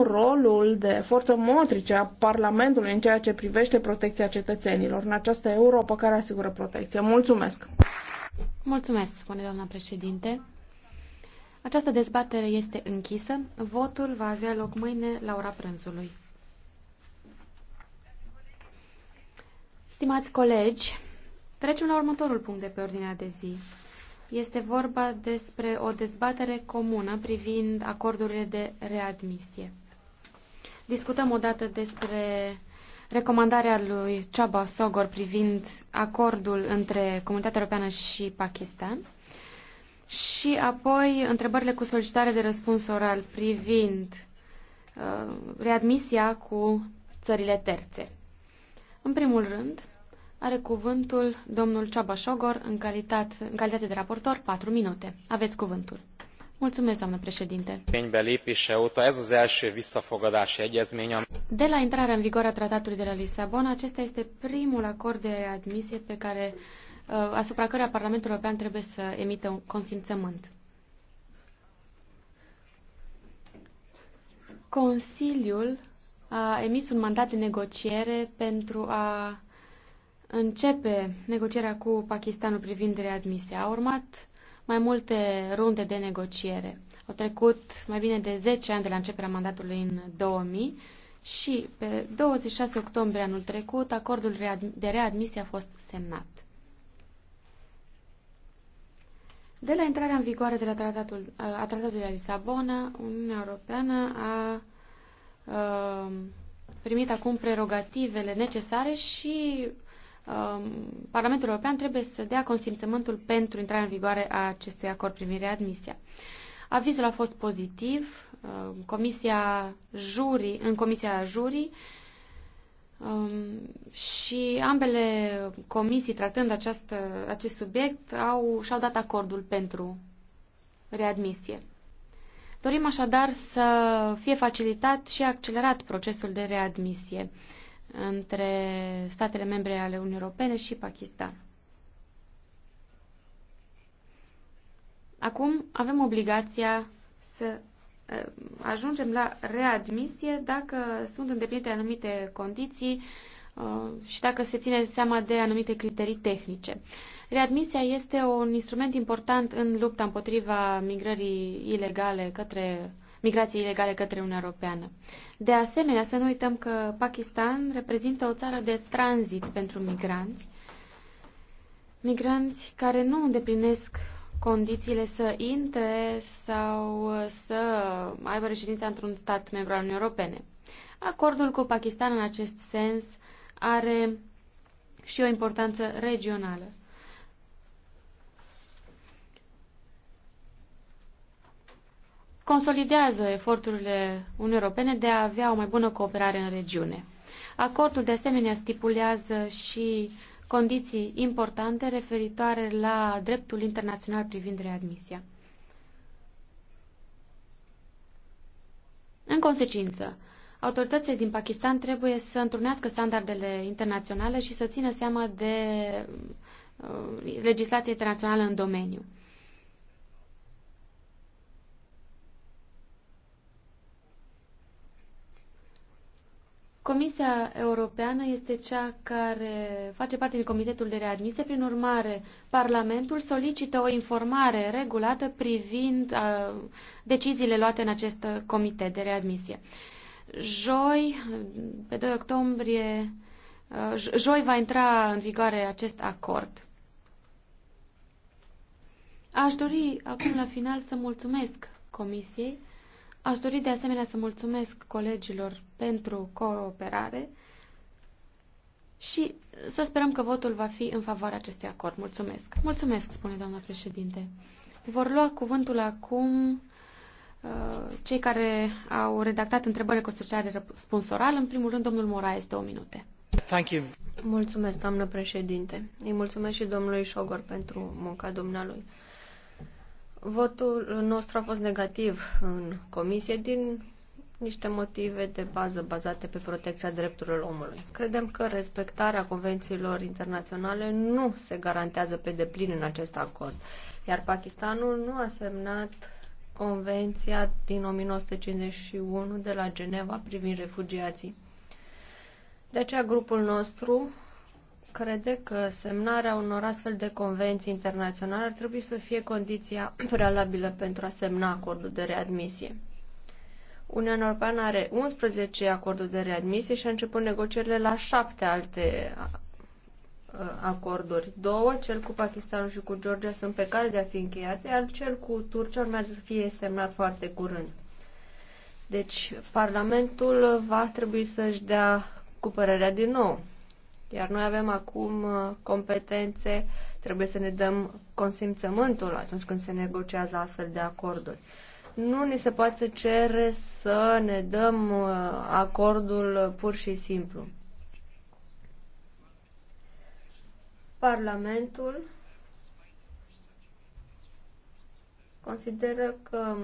acum rolul de forță motrice a Parlamentului în ceea ce privește protecția cetățenilor în această Europa care asigură protecție. Mulțumesc! Mulțumesc, spune doamna președinte. Această dezbatere este închisă. Votul va avea loc mâine la ora prânzului. Stimați colegi, trecem la următorul punct de pe ordinea de zi. Este vorba despre o dezbatere comună privind acordurile de readmisie. Discutăm odată despre recomandarea lui Chaba Sogor privind acordul între Comunitatea Europeană și Pakistan și apoi întrebările cu solicitare de răspuns oral privind uh, readmisia cu țările terțe. În primul rând, are cuvântul domnul Chaba Sogor în, calitate, în calitate de raportor 4 minute. Aveți cuvântul. Mulțumesc, președinte. De la intrarea în vigoare a tratatului de la Lisabona, acesta este primul acord de readmisie pe care, uh, asupra căruia Parlamentul European trebuie să emită un consimțământ. Consiliul a emis un mandat de negociere pentru a începe negocierea cu Pakistanul privind readmisia. A urmat mai multe runde de negociere. Au trecut mai bine de 10 ani de la începerea mandatului în 2000 și pe 26 octombrie anul trecut acordul de readmisie a fost semnat. De la intrarea în vigoare de la tratatul, a tratatului de Lisabona, Uniunea Europeană a, a primit acum prerogativele necesare și Um, Parlamentul European trebuie să dea consimțământul pentru intrarea în vigoare a acestui acord privind readmisia. Avizul a fost pozitiv. Um, comisia jurii, în comisia jurii Um, și ambele comisii tratând această, acest subiect au, și-au dat acordul pentru readmisie. Dorim așadar să fie facilitat și accelerat procesul de readmisie. Uh, între statele membre ale Uniunii Europene și Pakistan. Acum avem obligația să eh, ajungem la readmisie dacă sunt îndeplinite anumite condiții eh, și dacă se ține seama de anumite criterii tehnice. Readmisia este un instrument important în lupta împotriva migrării ilegale către migrației ilegale către Uniunea Europeană. De asemenea, să nu uităm că Pakistan reprezintă o țară de tranzit pentru migranți, migranți care nu îndeplinesc condițiile să intre sau să aibă reședința într-un stat membru al Uniunii Europene. Acordul cu Pakistan în acest sens are și o importanță regională. consolidează eforturile Uniunii Europene de a avea o mai bună cooperare în regiune. Acordul de asemenea stipulează și condiții importante referitoare la dreptul internațional privind readmisia. În consecință, autoritățile din Pakistan trebuie să întrunească standardele internaționale și să țină seama de uh, legislația internațională în domeniu. Comisia Europeană este cea care face parte din Comitetul de Readmisie, prin urmare, Parlamentul solicită o informare regulată privind uh, deciziile luate în acest comitet de readmisie. Joi, pe 2 octombrie, uh, joi va intra în vigoare acest acord. Aș dori acum la final să mulțumesc Comisiei Aș dori de asemenea să mulțumesc colegilor pentru cooperare și să sperăm că votul va fi în favoarea acestui acord. Mulțumesc. Mulțumesc, spune doamna președinte. Vor lua cuvântul acum uh, cei care au redactat întrebările cu asociare răspuns oral. În primul rând, domnul Moraes, două minute. Thank you. Mulțumesc, doamnă președinte. Îi mulțumesc și domnului Șogor pentru munca dumnealui. Votul nostru a fost negativ în comisie din niște motive de bază bazate pe protecția drepturilor omului. Credem că respectarea convențiilor internaționale nu se garantează pe deplin în acest acord, iar Pakistanul nu a semnat Convenția din 1951 de la Geneva privind refugiații. De aceea grupul nostru crede că semnarea unor astfel de convenții internaționale ar trebui să fie condiția prealabilă pentru a semna acordul de readmisie. Uniunea Europeană are 11 acorduri de readmisie și a început negocierile la șapte alte acorduri. Două, cel cu Pakistanul și cu Georgia, sunt pe care de a fi încheiate, iar cel cu Turcia urmează să fie semnat foarte curând. Deci, Parlamentul va trebui să-și dea cu părerea din nou iar noi avem acum uh, competențe, trebuie să ne dăm consimțământul atunci când se negociază astfel de acorduri. Nu ni se poate cere să ne dăm uh, acordul pur și simplu. Parlamentul consideră că um,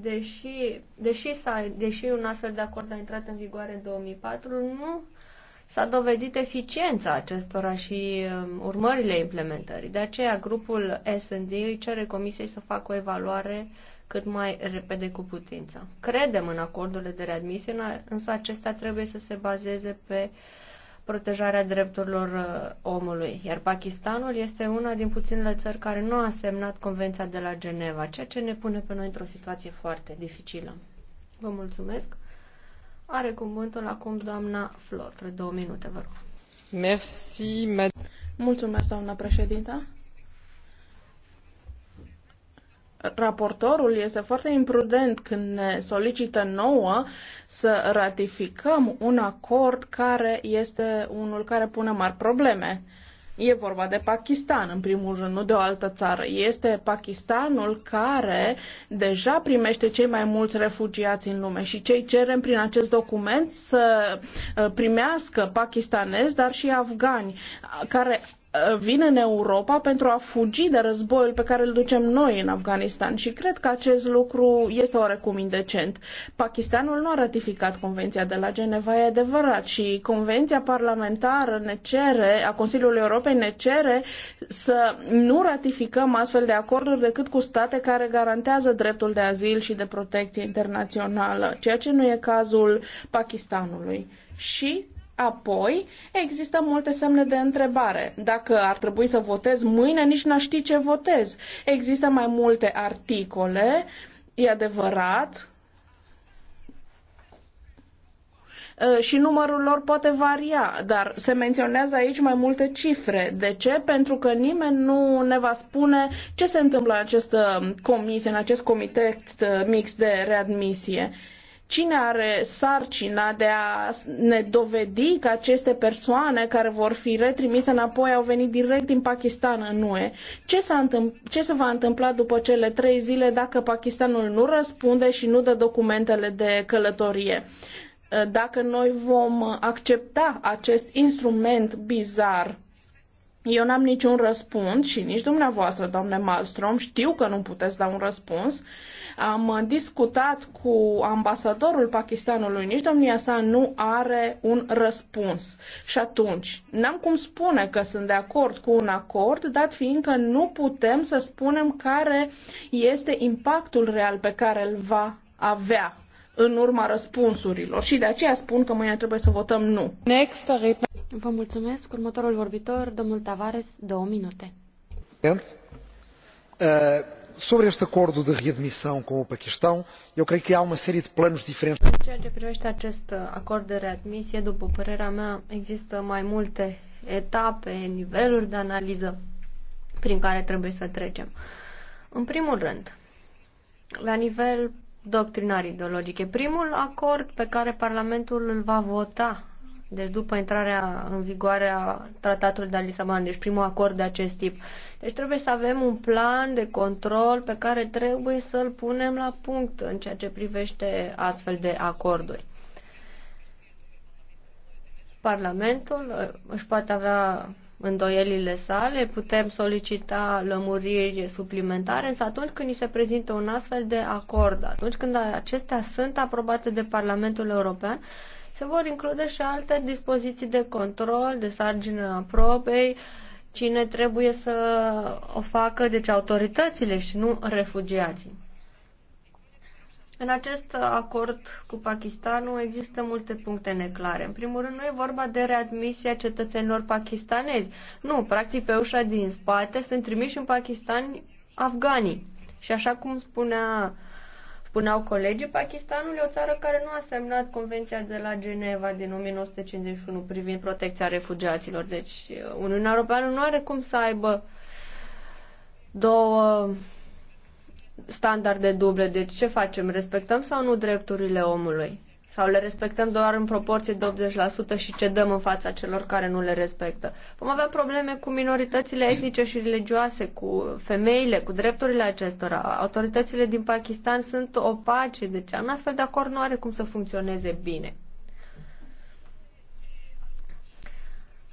deși, deși, s-a, deși un astfel de acord a intrat în vigoare în 2004, nu s-a dovedit eficiența acestora și um, urmările implementării. De aceea, grupul S&D îi cere Comisiei să facă o evaluare cât mai repede cu putință. Credem în acordurile de readmisie, însă acestea trebuie să se bazeze pe protejarea drepturilor uh, omului, iar Pakistanul este una din puținele țări care nu a semnat Convenția de la Geneva, ceea ce ne pune pe noi într-o situație foarte dificilă. Vă mulțumesc! Are cuvântul acum doamna Flotre. Două minute, vă rog. Merci, mad- Mulțumesc, doamna președinta. Raportorul este foarte imprudent când ne solicită nouă să ratificăm un acord care este unul care pune mari probleme. E vorba de Pakistan, în primul rând, nu de o altă țară. Este Pakistanul care deja primește cei mai mulți refugiați în lume și cei cerem prin acest document să uh, primească pakistanezi, dar și afgani, care Uh, vin în Europa pentru a fugi de războiul pe care îl ducem noi în Afganistan și cred că acest lucru este oarecum indecent. Pakistanul nu a ratificat Convenția de la Geneva, e adevărat, și Convenția parlamentară ne cere, a Consiliului Europei ne cere să nu ratificăm astfel de acorduri decât cu state care garantează dreptul de azil și de protecție internațională, ceea ce nu e cazul Pakistanului. Și Apoi, există multe semne de întrebare. Dacă ar trebui să votez mâine, nici n-aș ști ce votez. Există mai multe articole, e adevărat, și numărul lor poate varia, dar se menționează aici mai multe cifre. De ce? Pentru că nimeni nu ne va spune ce se întâmplă în această comisie, în acest comitet mixt de readmisie. Uh, Cine are sarcina de a ne dovedi că aceste persoane care vor fi retrimise înapoi au venit direct din Pakistan în UE? Ce, ce se va întâmpla după cele trei zile dacă Pakistanul nu răspunde și nu dă documentele de călătorie? Dacă noi vom accepta acest instrument bizar eu n-am niciun răspuns și nici dumneavoastră, domnule Malmström, știu că nu puteți da un răspuns. Am uh, discutat cu ambasadorul Pakistanului, nici domnia sa nu are un răspuns. Și atunci, n-am cum spune că sunt de acord cu un acord, dat fiindcă nu putem să spunem care este impactul real pe care îl va avea în urma răspunsurilor și de aceea spun că mâine trebuie să votăm nu. Next, Vă mulțumesc. Următorul vorbitor, domnul Tavares, două minute. Eh, sobre este acordo de readmissão com o Paquistão, eu creio que há uma série de planos diferentes. În ceea ce privește acest acord de readmisie, după părerea mea, există mai multe etape, niveluri de analiză prin care trebuie să trecem. În primul rând, la nivel doctrinare ideologice. Primul acord pe care Parlamentul îl va vota, deci după intrarea în vigoare a Tratatului de la Lisabona, deci primul acord de acest tip. Deci trebuie să avem un plan de control pe care trebuie să-l punem la punct în ceea ce privește astfel de acorduri. Parlamentul uh, își poate avea îndoielile sale, putem solicita lămuriri suplimentare, însă atunci când ni se prezintă un astfel de acord, atunci când acestea sunt aprobate de Parlamentul European, se vor include și alte dispoziții de control, de sargină a probei, cine trebuie să o facă, deci autoritățile și nu refugiații. În acest acord cu Pakistanul există multe puncte neclare. În primul rând, nu e vorba de readmisia cetățenilor pakistanezi. Nu, practic pe ușa din spate sunt trimiși în Pakistan afganii. Și așa cum spunea Spuneau colegii, Pakistanul e o țară care nu a semnat Convenția de la Geneva din 1951 privind protecția refugiaților. Deci Uniunea Europeană nu are cum să aibă două standarde duble. Deci ce facem? Respectăm sau nu drepturile omului? Sau le respectăm doar în proporție de 80% și cedăm în fața celor care nu le respectă? Vom avea probleme cu minoritățile etnice și religioase, cu femeile, cu drepturile acestora. Autoritățile din Pakistan sunt opace, deci un astfel de acord nu are cum să funcționeze bine.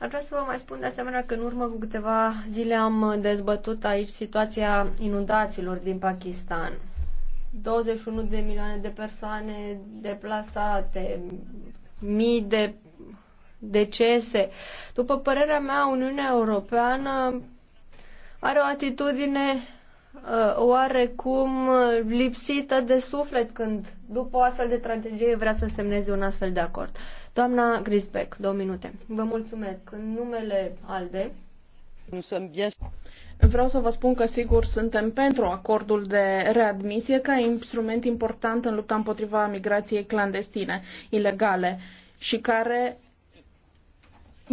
Ar vrea să vă mai spun de asemenea că în urmă cu câteva zile am dezbătut aici situația inundațiilor din Pakistan. 21 de milioane de persoane deplasate, mii de decese. După părerea mea, Uniunea Europeană are o atitudine uh, oarecum lipsită de suflet când după o astfel de tragedie vrea să semneze un astfel de acord. Doamna Grisbeck, două minute. Vă mulțumesc. În numele ALDE, Vreau să vă spun că sigur suntem pentru acordul de readmisie ca instrument important în lupta împotriva migrației clandestine, ilegale și care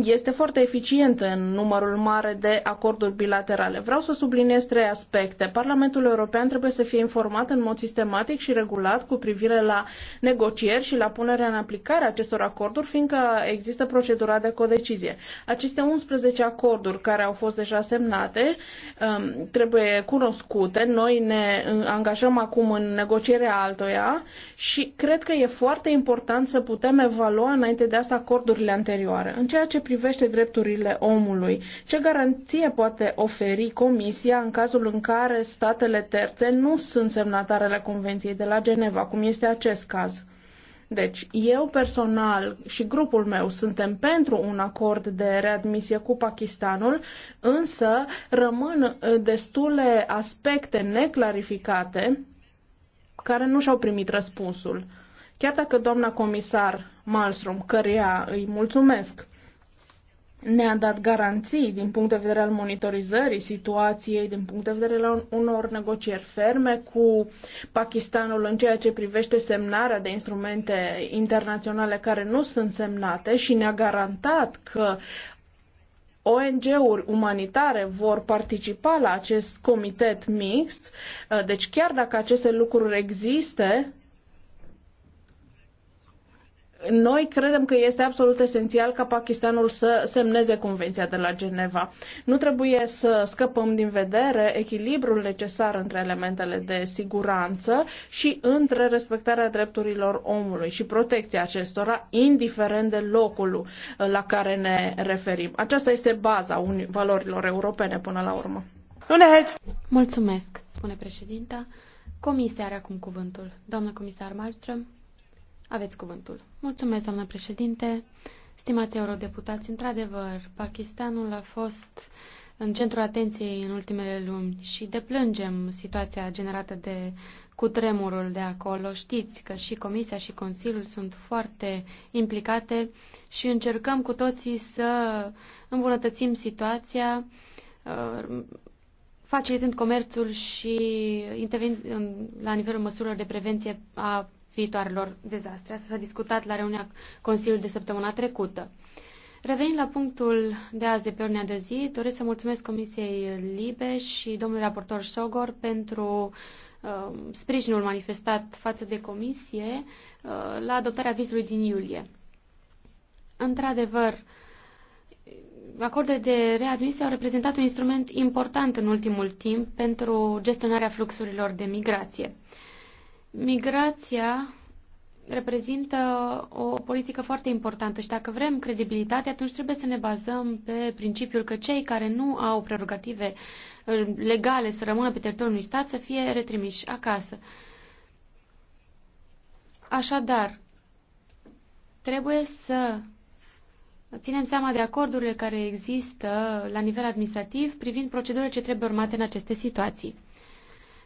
este foarte eficientă în numărul mare de acorduri bilaterale. Vreau să subliniez trei aspecte. Parlamentul European trebuie să fie informat în mod sistematic și regulat cu privire la negocieri și la punerea în aplicare a acestor acorduri, fiindcă există procedura de codecizie. Aceste 11 acorduri care au fost deja semnate um, trebuie cunoscute. Noi ne uh, angajăm acum în negocierea altoia și cred că e foarte important să putem evalua înainte de asta acordurile anterioare. În ceea ce privește drepturile omului? Ce garanție poate oferi Comisia în cazul în care statele terțe nu sunt semnatarele Convenției de la Geneva, cum este acest caz? Deci, eu personal și grupul meu suntem pentru un acord de readmisie cu Pakistanul, însă rămân uh, destule aspecte neclarificate care nu și-au primit răspunsul. Chiar dacă doamna comisar Malmström, căreia îi mulțumesc, ne-a dat garanții din punct de vedere al monitorizării situației, din punct de vedere al unor negocieri ferme cu Pakistanul în ceea ce privește semnarea de instrumente internaționale care nu sunt semnate și ne-a garantat că ONG-uri umanitare vor participa la acest comitet mixt, deci chiar dacă aceste lucruri există, noi credem că este absolut esențial ca Pakistanul să semneze Convenția de la Geneva. Nu trebuie să scăpăm din vedere echilibrul necesar între elementele de siguranță și între respectarea drepturilor omului și protecția acestora, indiferent de locul la care ne referim. Aceasta este baza valorilor europene până la urmă. Mulțumesc, spune președinta. Comisia are acum cuvântul. Doamnă comisar Malmström, aveți cuvântul. Mulțumesc, doamnă președinte. Stimați eurodeputați, într-adevăr, Pakistanul a fost în centrul atenției în ultimele luni și deplângem situația generată de cutremurul de acolo. Știți că și Comisia și Consiliul sunt foarte implicate și încercăm cu toții să îmbunătățim situația uh, facilitând comerțul și intervenind la nivelul măsurilor de prevenție a viitoarelor dezastre. Asta s-a discutat la reuniunea Consiliului de săptămâna trecută. Revenind la punctul de azi de pe ordinea de zi, doresc să mulțumesc Comisiei Libe și domnului raportor Sogor pentru uh, sprijinul manifestat față de Comisie uh, la adoptarea vizului din iulie. Într-adevăr, acordurile de readmisie au reprezentat un instrument important în ultimul timp pentru gestionarea fluxurilor de migrație. Migrația reprezintă o politică foarte importantă și dacă vrem credibilitate, atunci trebuie să ne bazăm pe principiul că cei care nu au prerogative uh, legale să rămână pe teritoriul unui stat să fie retrimiși acasă. Așadar, trebuie să ținem seama de acordurile care există la nivel administrativ privind procedurile ce trebuie urmate în aceste situații.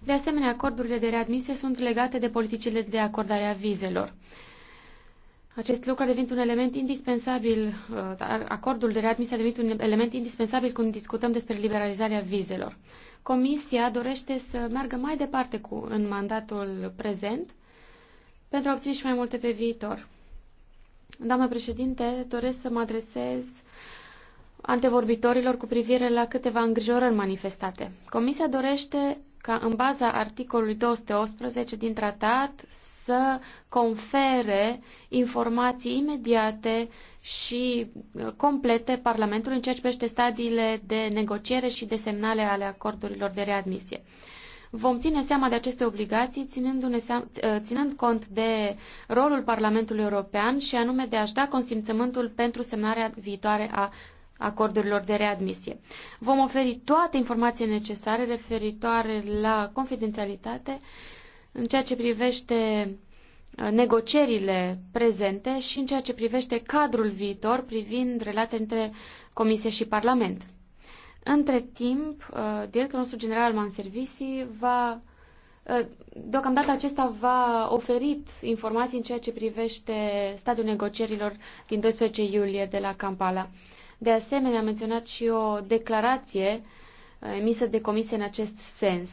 De asemenea, acordurile de readmisie sunt legate de politicile de acordare a vizelor. Acest lucru a devenit un element indispensabil, uh, acordul de readmisie a devenit un element indispensabil când discutăm despre liberalizarea vizelor. Comisia dorește să meargă mai departe cu, în mandatul prezent pentru a obține și mai multe pe viitor. Doamnă președinte, doresc să mă adresez antevorbitorilor cu privire la câteva îngrijorări manifestate. Comisia dorește ca în baza articolului 218 din tratat să confere informații imediate și uh, complete Parlamentului în ceea ce privește stadiile de negociere și de semnale ale acordurilor de readmisie. Vom ține seama de aceste obligații seama, uh, ținând cont de rolul Parlamentului European și anume de a-și da consimțământul pentru semnarea viitoare a acordurilor de readmisie. Vom oferi toate informațiile necesare referitoare la confidențialitate în ceea ce privește uh, negocierile prezente și în ceea ce privește cadrul viitor privind relația între Comisie și Parlament. Între timp, uh, directorul nostru general al servicii va uh, Deocamdată acesta va oferit informații în ceea ce privește stadiul negocierilor din 12 iulie de la Kampala. De asemenea, am menționat și o declarație uh, emisă de comisie în acest sens.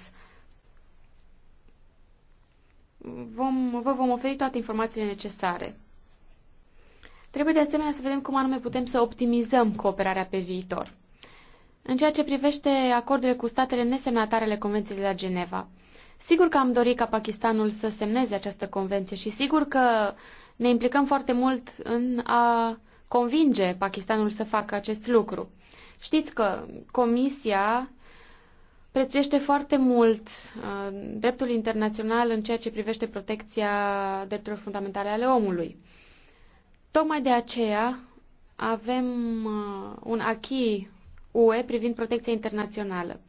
Vom, vă vom oferi toate informațiile necesare. Trebuie de asemenea să vedem cum anume putem să optimizăm cooperarea pe viitor. În ceea ce privește acordurile cu statele nesemnatare ale Convenției de la Geneva, sigur că am dorit ca Pakistanul să semneze această convenție și sigur că ne implicăm foarte mult în a convinge Pakistanul să facă acest lucru. Știți că Comisia prețuiește foarte mult uh, dreptul internațional în ceea ce privește protecția drepturilor fundamentale ale omului. Tocmai de aceea avem uh, un acquis UE privind protecția internațională. Uh,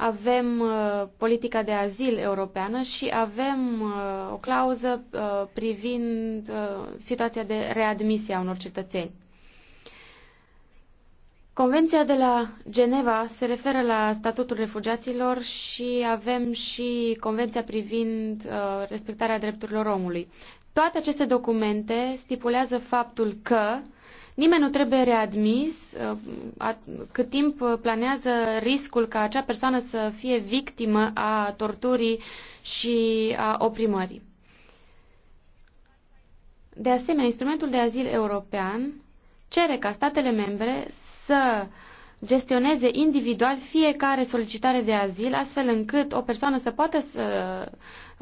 avem uh, politica de azil europeană și avem uh, o clauză uh, privind uh, situația de readmisie a unor cetățeni. Convenția de la Geneva se referă la statutul refugiaților și avem și Convenția privind uh, respectarea drepturilor omului. Toate aceste documente stipulează faptul că uh, Nimeni nu trebuie readmis uh, cât timp planează riscul ca acea persoană să fie victimă a torturii și a oprimării. De asemenea, instrumentul de azil european cere ca statele membre să gestioneze individual fiecare solicitare de azil, astfel încât o persoană să poată să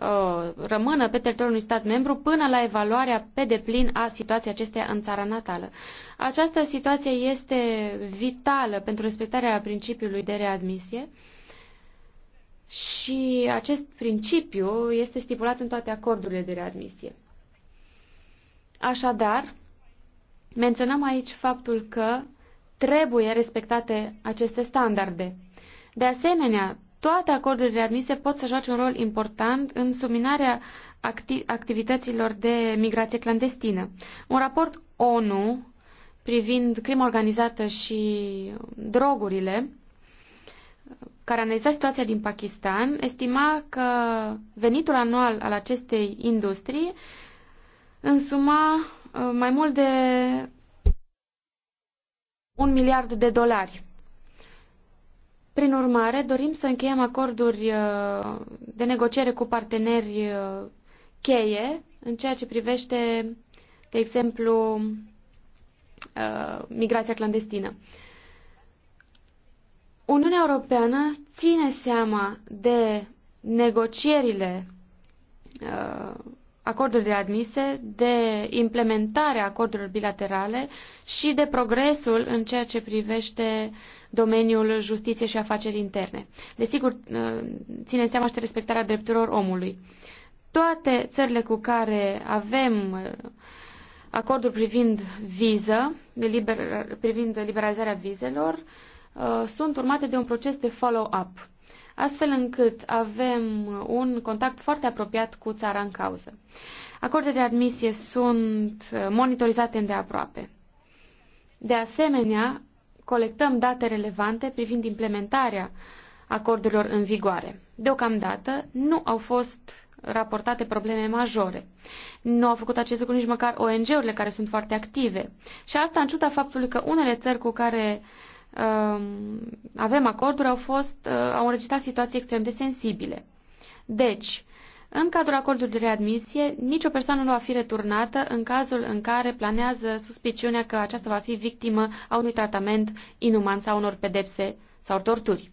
Uh, rămână pe teritoriul unui stat membru până la evaluarea pe deplin a situației acesteia în țara natală. Această situație este vitală pentru respectarea principiului de readmisie și acest principiu este stipulat în toate acordurile de readmisie. Așadar, menționăm aici faptul că trebuie respectate aceste standarde. De asemenea, toate acordurile admise pot să joace un rol important în subminarea acti- activităților de migrație clandestină. Un raport ONU privind crimă organizată și drogurile, care analiza situația din Pakistan, estima că venitul anual al acestei industrii însuma uh, mai mult de un miliard de dolari. Prin urmare, dorim să încheiem acorduri uh, de negociere cu parteneri uh, cheie în ceea ce privește, de exemplu, uh, migrația clandestină. Uniunea Europeană ține seama de negocierile acordurile admise, de implementarea acordurilor bilaterale și de progresul în ceea ce privește uh, domeniul justiției și afaceri interne. Desigur, ă, ține seama și de respectarea drepturilor omului. Toate țările cu care avem ă, acordul privind viză, liber, privind liberalizarea vizelor, ă, sunt urmate de un proces de follow-up astfel încât avem un contact foarte apropiat cu țara în cauză. Acordele de admisie sunt monitorizate îndeaproape. De asemenea, colectăm date relevante privind implementarea acordurilor în vigoare. Deocamdată nu au fost raportate probleme majore. Nu au făcut acest lucru nici măcar ONG-urile care sunt foarte active. Și asta în ciuda faptului că unele țări cu care uh, avem acorduri au fost, uh, au înregistrat situații extrem de sensibile. Deci, în cadrul acordului de readmisie, nicio persoană nu va fi returnată în cazul în care planează suspiciunea că aceasta va fi victimă a unui tratament inuman sau unor pedepse sau torturi.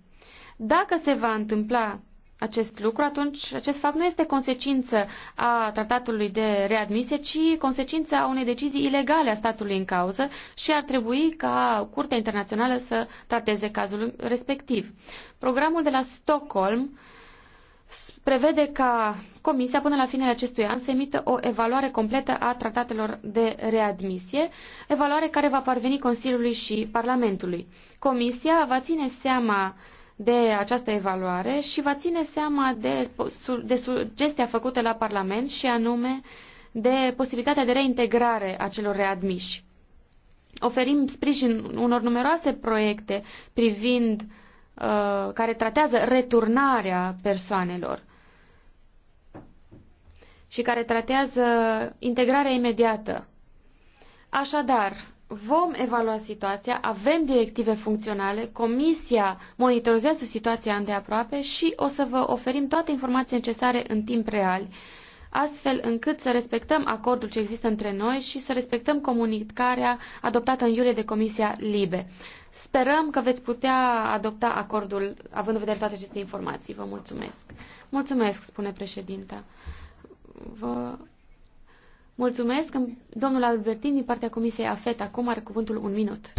Dacă se va întâmpla acest lucru, atunci acest fapt nu este consecință a tratatului de readmisie, ci consecința a unei decizii ilegale a statului în cauză și ar trebui ca Curtea Internațională să trateze cazul respectiv. Programul de la Stockholm prevede ca Comisia până la finele acestui an să emită o evaluare completă a tratatelor de readmisie, evaluare care va parveni Consiliului și Parlamentului. Comisia va ține seama de această evaluare și va ține seama de, de sugestia făcută la Parlament și anume de posibilitatea de reintegrare a celor readmiși. Oferim sprijin unor numeroase proiecte privind uh, Uh, care tratează returnarea persoanelor și care tratează integrarea imediată. Așadar, vom evalua situația, avem directive funcționale, Comisia monitorizează situația îndeaproape și o să vă oferim toate informații necesare în timp real, astfel încât să respectăm acordul ce există între noi și să respectăm comunicarea adoptată în iulie de Comisia LIBE. Sperăm că veți putea adopta acordul, având în vedere toate aceste informații. Vă mulțumesc. Mulțumesc, spune președinta. Vă mulțumesc. Domnul Albertin, din partea Comisiei AFET, acum are cuvântul un minut.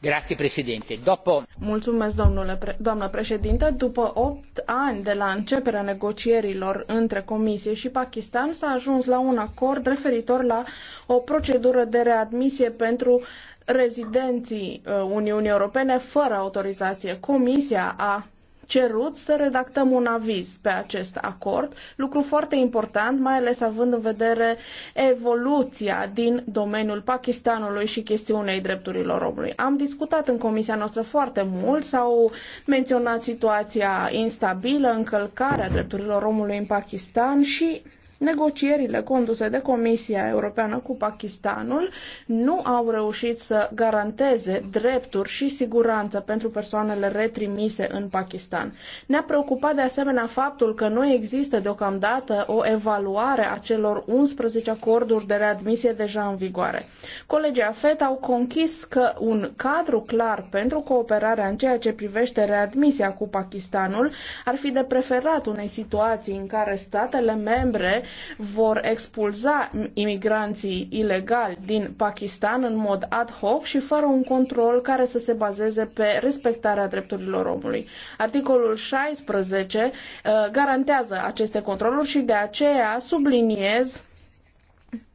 Grazie, președinte. Dopo... Mulțumesc, domnule pre... doamnă președinte. După opt ani de la începerea negocierilor între Comisie și Pakistan, s-a ajuns la un acord referitor la o procedură de readmisie pentru rezidenții uh, Uniunii Europene fără autorizație. Comisia a cerut să redactăm un aviz pe acest acord, lucru foarte important, mai ales având în vedere evoluția din domeniul Pakistanului și chestiunei drepturilor omului. Am discutat în comisia noastră foarte mult, s-au menționat situația instabilă, încălcarea drepturilor omului în Pakistan și Negocierile conduse de Comisia Europeană cu Pakistanul nu au reușit să garanteze drepturi și siguranță pentru persoanele retrimise în Pakistan. Ne-a preocupat de asemenea faptul că nu există deocamdată o evaluare a celor 11 acorduri de readmisie deja în vigoare. Colegii AFET au conchis că un cadru clar pentru cooperarea în ceea ce privește readmisia cu Pakistanul ar fi de preferat unei situații în care statele membre vor expulza imigranții ilegali din Pakistan în mod ad hoc și fără un control care să se bazeze pe respectarea drepturilor omului. Articolul 16 uh, garantează aceste controluri și de aceea subliniez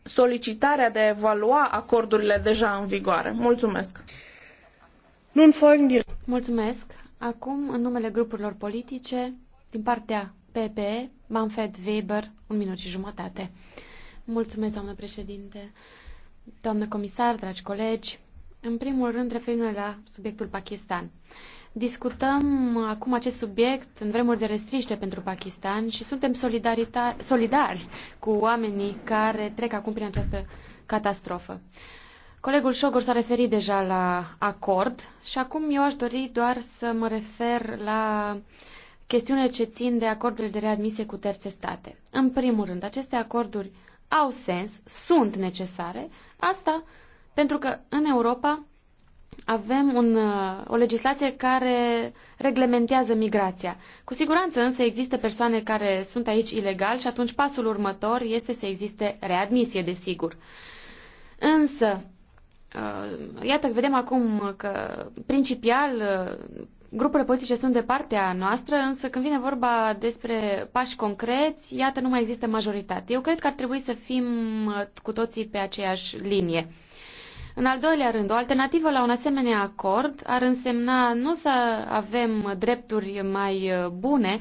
solicitarea de a evalua acordurile deja în vigoare. Mulțumesc! Mulțumesc! Acum, în numele grupurilor politice, din partea PP, Manfred Weber, un minut și jumătate. Mulțumesc, doamnă președinte, doamnă comisar, dragi colegi. În primul rând, referindu-ne la subiectul Pakistan. Discutăm acum acest subiect în vremuri de restriște pentru Pakistan și suntem solidari cu oamenii care trec acum prin această catastrofă. Colegul Șogor s-a referit deja la acord și acum eu aș dori doar să mă refer la uh, chestiunile ce țin de acordurile de readmisie cu terțe state. În primul rând, aceste acorduri au sens, sunt necesare, asta pentru că în Europa avem un, uh, o legislație care reglementează migrația. Cu siguranță însă există persoane care sunt aici ilegal și atunci pasul următor este să existe readmisie, desigur. Însă, uh, iată, vedem acum că principial uh, grupurile politice sunt de partea noastră, însă când vine vorba despre pași concreți, iată, nu mai există majoritate. Eu cred că ar trebui să fim uh, cu toții pe aceeași linie. În al doilea rând, o alternativă la un asemenea acord ar însemna nu să avem drepturi mai uh, bune,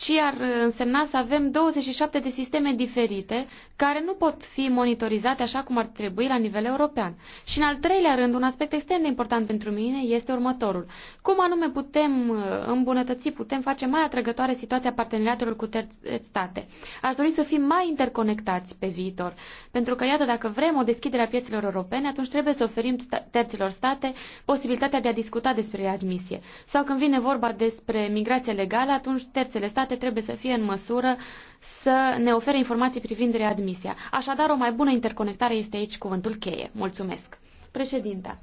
ci ar însemna să avem 27 de sisteme diferite care nu pot fi monitorizate așa cum ar trebui la nivel european. Și în al treilea rând, un aspect extrem de important pentru mine este următorul. Cum anume putem uh, îmbunătăți, putem face mai atrăgătoare situația parteneriatelor cu terțe state? Ar trebui să fim mai interconectați pe viitor, pentru că, iată, dacă vrem o deschidere a piețelor europene, atunci trebuie să oferim terților state posibilitatea de a discuta despre admisie. Sau când vine vorba despre migrație legală, atunci terțele state state trebuie să fie în măsură să ne ofere informații privind readmisia. Așadar, o mai bună interconectare este aici cuvântul cheie. Mulțumesc. Președinta,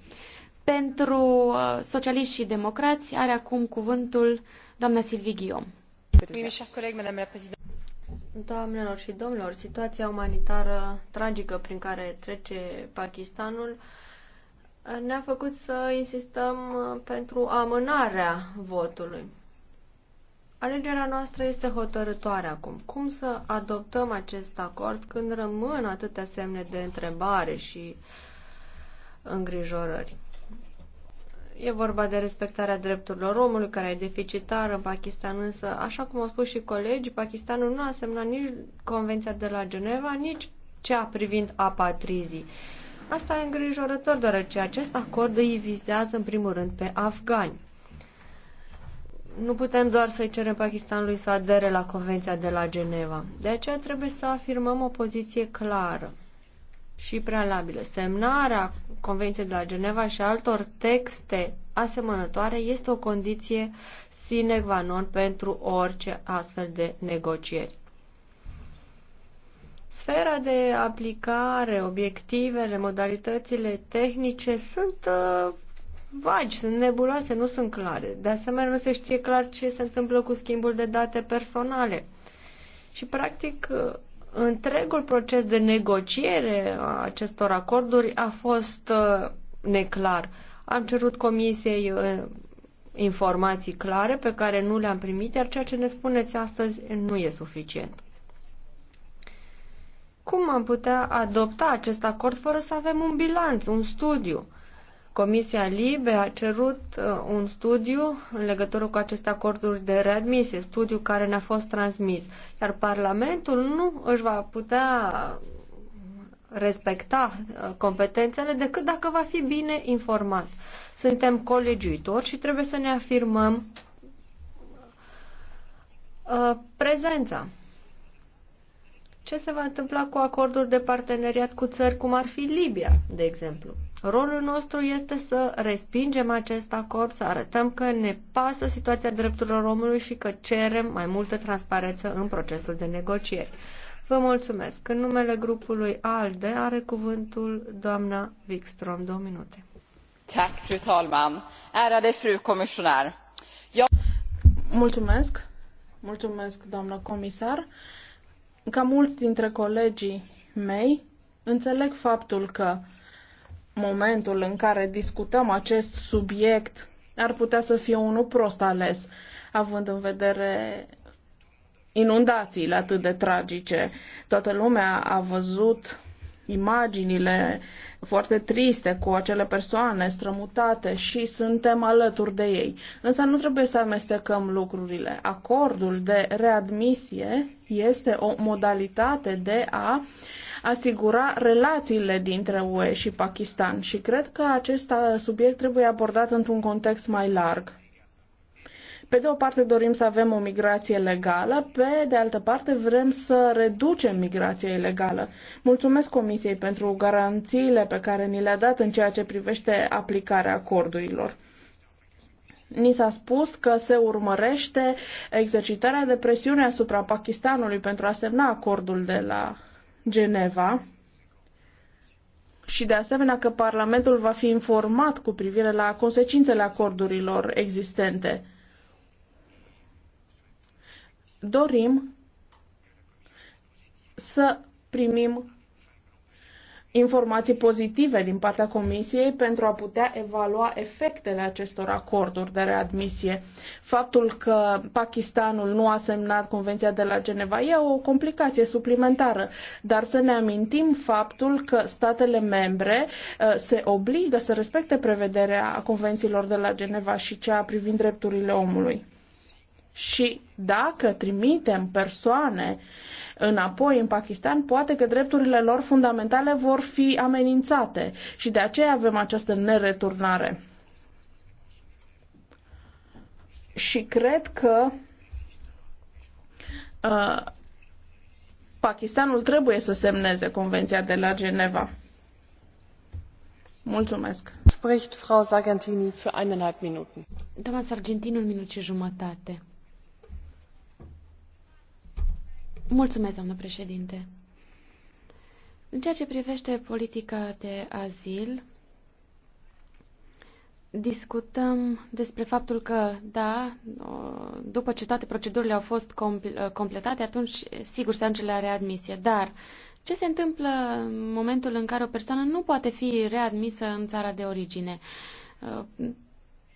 pentru uh, socialiști și democrați are acum cuvântul doamna Silvi Ghiom. Doamnelor și domnilor, situația umanitară tragică prin care trece Pakistanul ne-a făcut să insistăm uh, pentru amânarea votului. Alegerea noastră este hotărătoare acum. Cum să adoptăm acest acord când rămân atâtea semne de întrebare și îngrijorări? E vorba de respectarea drepturilor omului, care e deficitară în Pakistan, însă, așa cum au spus și colegii, Pakistanul nu a semnat nici Convenția de la Geneva, nici cea privind apatrizii. Asta e îngrijorător, deoarece acest acord îi vizează, în primul rând, pe afgani nu putem doar să-i cerem Pakistanului să adere la Convenția de la Geneva. De aceea trebuie să afirmăm o poziție clară și prealabilă. Semnarea Convenției de la Geneva și altor texte asemănătoare este o condiție sine qua non pentru orice astfel de negocieri. Sfera de aplicare, obiectivele, modalitățile tehnice sunt uh, vagi, sunt nebuloase, nu sunt clare. De asemenea, nu se știe clar ce se întâmplă cu schimbul de date personale. Și, practic, întregul proces de negociere a acestor acorduri a fost uh, neclar. Am cerut comisiei uh, informații clare pe care nu le-am primit, iar ceea ce ne spuneți astăzi nu e suficient. Cum am putea adopta acest acord fără să avem un bilanț, un studiu? Comisia Libe a cerut uh, un studiu în legătură cu aceste acorduri de readmisie, studiu care ne-a fost transmis, iar Parlamentul nu își va putea respecta uh, competențele decât dacă va fi bine informat. Suntem colegiuitori și trebuie să ne afirmăm uh, prezența. Ce se va întâmpla cu acorduri de parteneriat cu țări cum ar fi Libia, de exemplu? Rolul nostru este să respingem acest acord, să arătăm că ne pasă situația drepturilor omului și că cerem mai multă transparență în procesul de negocieri. Vă mulțumesc. În numele grupului ALDE are cuvântul doamna Wikström. Două minute. Tack fru talman. Ärade fru kommissionär. Mulțumesc. Mulțumesc, doamnă comisar. Ca mulți dintre colegii mei, înțeleg faptul că momentul în care discutăm acest subiect ar putea să fie unul prost ales, având în vedere inundațiile atât de tragice. Toată lumea a văzut imaginile foarte triste cu acele persoane strămutate și suntem alături de ei. Însă nu trebuie să amestecăm lucrurile. Acordul de readmisie este o modalitate de a uh, asigura relațiile dintre UE și Pakistan și cred că acest subiect trebuie abordat într-un context mai larg. Pe de o parte dorim să avem o migrație legală, pe de altă parte vrem să reducem migrația ilegală. Mulțumesc Comisiei pentru garanțiile pe care ni le-a dat în ceea ce privește aplicarea acordurilor. Ni s-a spus că se urmărește exercitarea de presiune asupra Pakistanului pentru a semna acordul de la Geneva și de asemenea că Parlamentul va fi informat cu privire la consecințele acordurilor existente. Dorim să primim informații pozitive din partea Comisiei pentru a putea evalua efectele acestor acorduri de readmisie. Faptul că Pakistanul nu a semnat Convenția de la Geneva e o complicație suplimentară, dar să ne amintim faptul că statele membre uh, se obligă să respecte prevederea convențiilor de la Geneva și cea privind drepturile omului. Și dacă trimitem persoane uh, înapoi în Pakistan, poate că drepturile lor fundamentale vor fi amenințate și de aceea avem această nereturnare. Și cred că uh, Pakistanul trebuie să semneze Convenția de la Geneva. Mulțumesc. Spricht Frau Sargentini für eineinhalb Minuten. Doamna Sargentini, un minut și jumătate. Mulțumesc, doamnă președinte. În ceea ce privește politica de azil, discutăm despre faptul că, da, după ce toate procedurile au fost uh, completate, atunci, sigur, se ajunge la readmisie. Dar ce se întâmplă în momentul în care o persoană nu poate fi readmisă în țara de origine? Uh,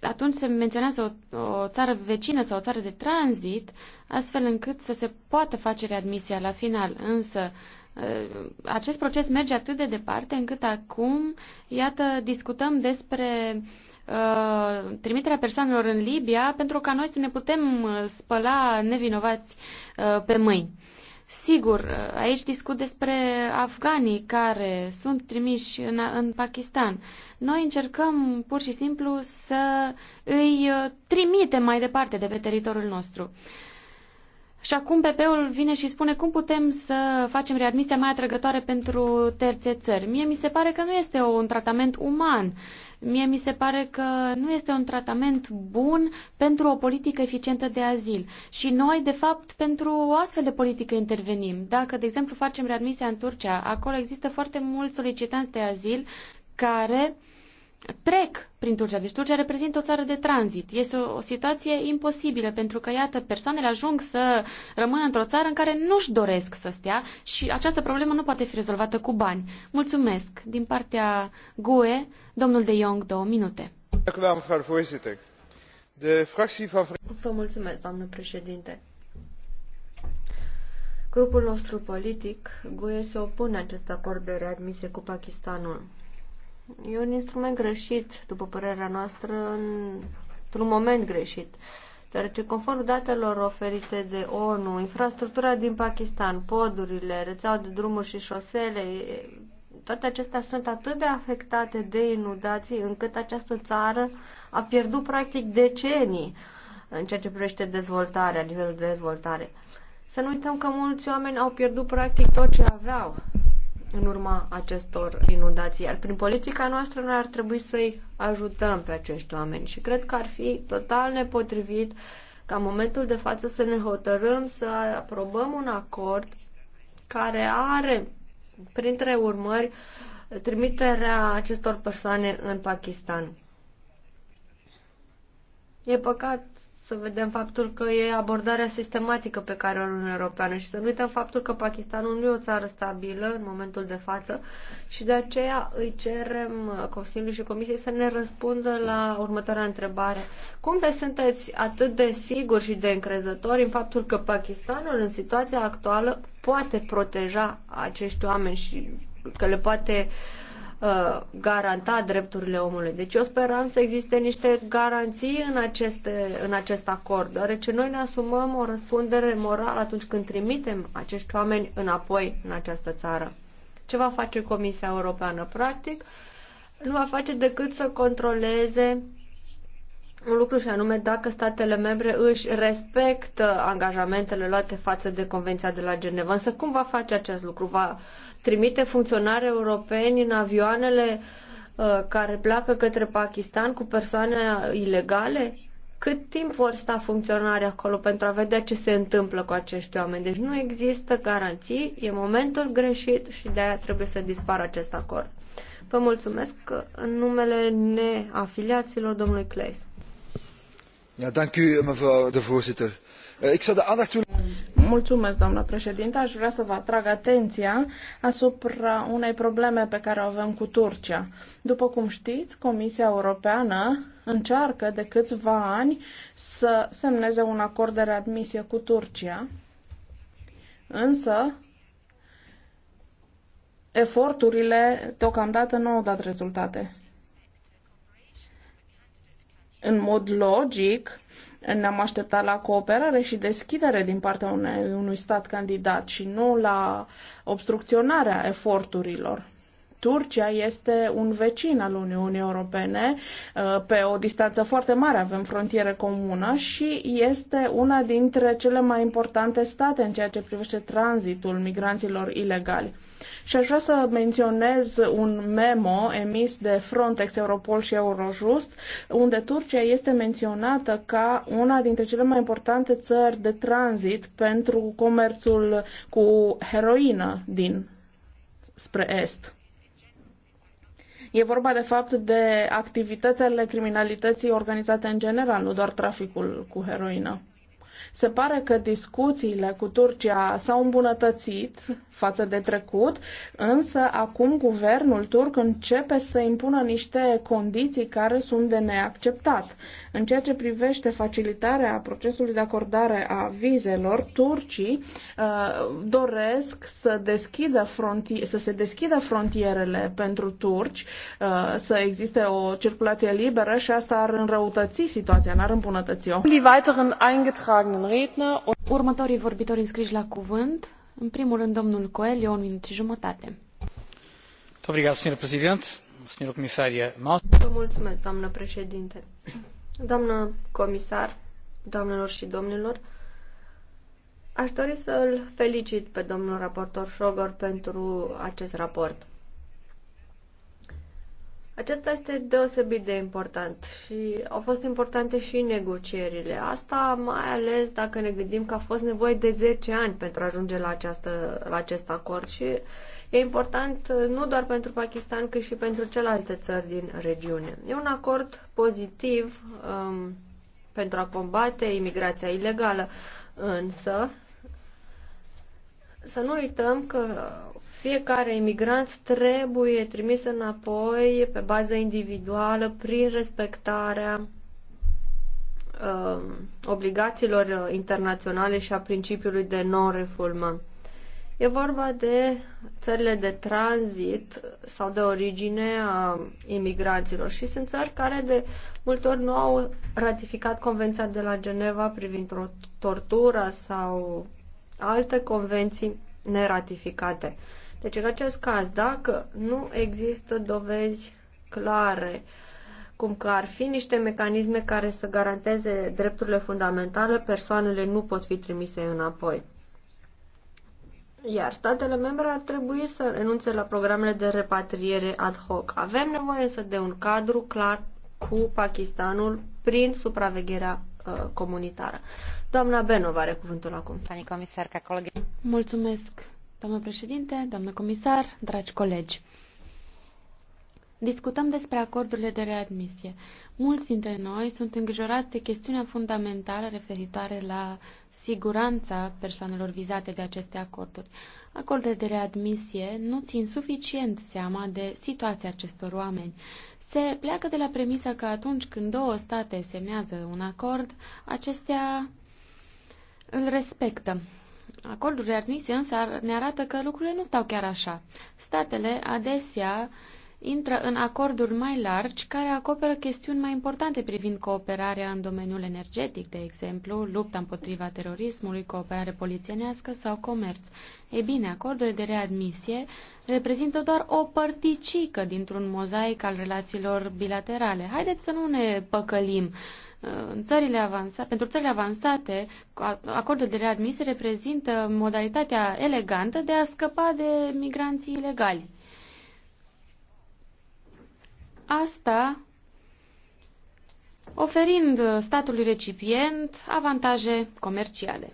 atunci se menționează o, o țară vecină sau o țară de tranzit, astfel încât să se poată face readmisia la final. Însă, ă, acest proces merge atât de departe încât acum, iată, discutăm despre ă, trimiterea persoanelor în Libia pentru ca noi să ne putem ă, spăla nevinovați pe mâini. Sigur, aici discut despre afganii care sunt trimiși în, în Pakistan. Noi încercăm pur și simplu să îi uh, trimitem mai departe de pe teritoriul nostru. Și acum PP-ul vine și spune cum putem să facem readmisia mai atrăgătoare pentru terțe țări. Mie mi se pare că nu este un tratament uman Mie mi se pare că nu este un tratament bun pentru o politică eficientă de azil. Și noi, de fapt, pentru o astfel de politică intervenim. Dacă, de exemplu, facem readmisia în Turcia, acolo există foarte mulți solicitanți de azil care trec prin Turcia. Deci Turcia reprezintă o țară de tranzit. Este o, o situație imposibilă pentru că, iată, persoanele ajung să rămână într-o țară în care nu-și doresc să stea și această problemă nu poate fi rezolvată cu bani. Mulțumesc. Din partea GUE, domnul de Jong, două minute. Vă mulțumesc, doamnă președinte. Grupul nostru politic, GUE, se opune acest acord de readmisie cu Pakistanul E un instrument greșit, după părerea noastră, într-un moment greșit. Deoarece, conform datelor oferite de ONU, infrastructura din Pakistan, podurile, rețeaua de drumuri și șosele, toate acestea sunt atât de afectate de inundații încât această țară a pierdut practic decenii în ceea ce privește dezvoltarea, nivelul de dezvoltare. Să nu uităm că mulți oameni au pierdut practic tot ce aveau în urma acestor inundații. Iar prin politica noastră noi ar trebui să-i ajutăm pe acești oameni și cred că ar fi total nepotrivit ca în momentul de față să ne hotărâm să aprobăm un acord care are printre urmări trimiterea acestor persoane în Pakistan. E păcat să vedem faptul că e abordarea sistematică pe care o are Uniunea Europeană și să nu uităm faptul că Pakistanul nu e o țară stabilă în momentul de față și de aceea îi cerem Consiliului și Comisiei să ne răspundă la următoarea întrebare. Cum de sunteți atât de siguri și de încrezători în faptul că Pakistanul în situația actuală poate proteja acești oameni și că le poate uh, Uh, garanta drepturile omului. Deci eu speram să existe niște garanții în, aceste, în acest acord, deoarece noi ne asumăm o răspundere morală atunci când trimitem acești oameni înapoi în această țară. Ce va face Comisia Europeană? Practic, nu va face decât să controleze un lucru și anume dacă statele membre își respectă angajamentele luate față de Convenția de la Geneva. Însă cum va face acest lucru? Va trimite funcționari europeni în avioanele uh, care pleacă către Pakistan cu persoane ilegale? Cât timp vor sta funcționarii acolo pentru a vedea ce se întâmplă cu acești oameni? Deci nu există garanții, e momentul greșit și de aia trebuie să dispară acest acord. Vă mulțumesc în numele neafiliaților domnului Claes. Ja, dank u mevrouw de voorzitter. Eh, ik zou de aandacht willen... Mulțumesc, doamnă președinte. Aș vrea să vă atrag atenția asupra unei probleme pe care o avem cu Turcia. După cum știți, Comisia Europeană încearcă de câțiva ani să semneze un acord de readmisie cu Turcia, însă eforturile deocamdată nu au dat rezultate. În mod logic, ne-am așteptat la cooperare și deschidere din partea unei, unui stat candidat și nu la obstrucționarea eforturilor. Turcia este un vecin al Uniunii Europene, uh, pe o distanță foarte mare avem frontieră comună și este una dintre cele mai importante state în ceea ce privește tranzitul migranților ilegali. Și aș vrea să menționez un memo emis de Frontex, Europol și Eurojust, unde Turcia este menționată ca una dintre cele mai importante țări de tranzit pentru comerțul cu heroină din spre Est. E vorba, de fapt, de activitățile criminalității organizate în general, nu doar traficul cu heroină. Se pare că discuțiile cu Turcia s-au îmbunătățit față de trecut, însă acum guvernul turc începe să impună niște condiții care sunt de neacceptat. În ceea ce privește facilitarea procesului de acordare a vizelor, turcii uh, doresc să, deschidă fronti- să se deschidă frontierele pentru turci, uh, să existe o circulație liberă și asta ar înrăutăți situația, n-ar îmbunătăți-o. Die weiteren eingetragenen Următorii vorbitori înscriși la cuvânt, în primul rând domnul Coelho, un minut și jumătate. Vă mulțumesc, doamnă președinte. Doamnă comisar, doamnelor și domnilor, aș dori să-l felicit pe domnul raportor Șogor pentru acest raport. Acesta este deosebit de important și au fost importante și negocierile. Asta mai ales dacă ne gândim că a fost nevoie de 10 ani pentru a ajunge la, această, la acest acord și e important uh, nu doar pentru Pakistan, cât și pentru celelalte țări din regiune. E un acord pozitiv um, pentru a combate imigrația ilegală, însă să nu uităm că fiecare imigrant trebuie trimis înapoi pe bază individuală prin respectarea uh, obligațiilor internaționale și a principiului de non-refulmă. E vorba de țările de tranzit sau de origine a imigranților și sunt țări care de multe ori nu au ratificat Convenția de la Geneva privind tortura sau alte convenții neratificate. Deci, în acest caz, dacă nu există dovezi clare cum că ar fi niște mecanisme care să garanteze drepturile fundamentale, persoanele nu pot fi trimise înapoi. Iar statele membre ar trebui să renunțe la programele de repatriere ad hoc. Avem nevoie însă de un cadru clar cu Pakistanul prin supravegherea uh, comunitară. Doamna Benova are cuvântul acum. Pani comisar, ca colegi. Mulțumesc, doamnă președinte, doamnă comisar, dragi colegi. Discutăm despre acordurile de readmisie. Mulți dintre noi sunt îngrijorați de chestiunea fundamentală referitoare la siguranța persoanelor vizate de aceste acorduri. Acordurile de readmisie nu țin suficient seama de situația acestor oameni. Se pleacă de la premisa că atunci când două state semnează un acord, acestea îl respectă. Acordul de admisie însă ne arată că lucrurile nu stau chiar așa. Statele adesea intră în acorduri mai largi care acoperă chestiuni mai importante privind cooperarea în domeniul energetic, de exemplu, lupta împotriva terorismului, cooperare polițienească sau comerț. Ei bine, acordurile de readmisie reprezintă doar o părticică dintr-un mozaic al relațiilor bilaterale. Haideți să nu ne păcălim în țările avansate, pentru țările avansate, acordul de readmisie reprezintă modalitatea elegantă de a scăpa de migranții ilegali. Asta oferind statului recipient avantaje comerciale.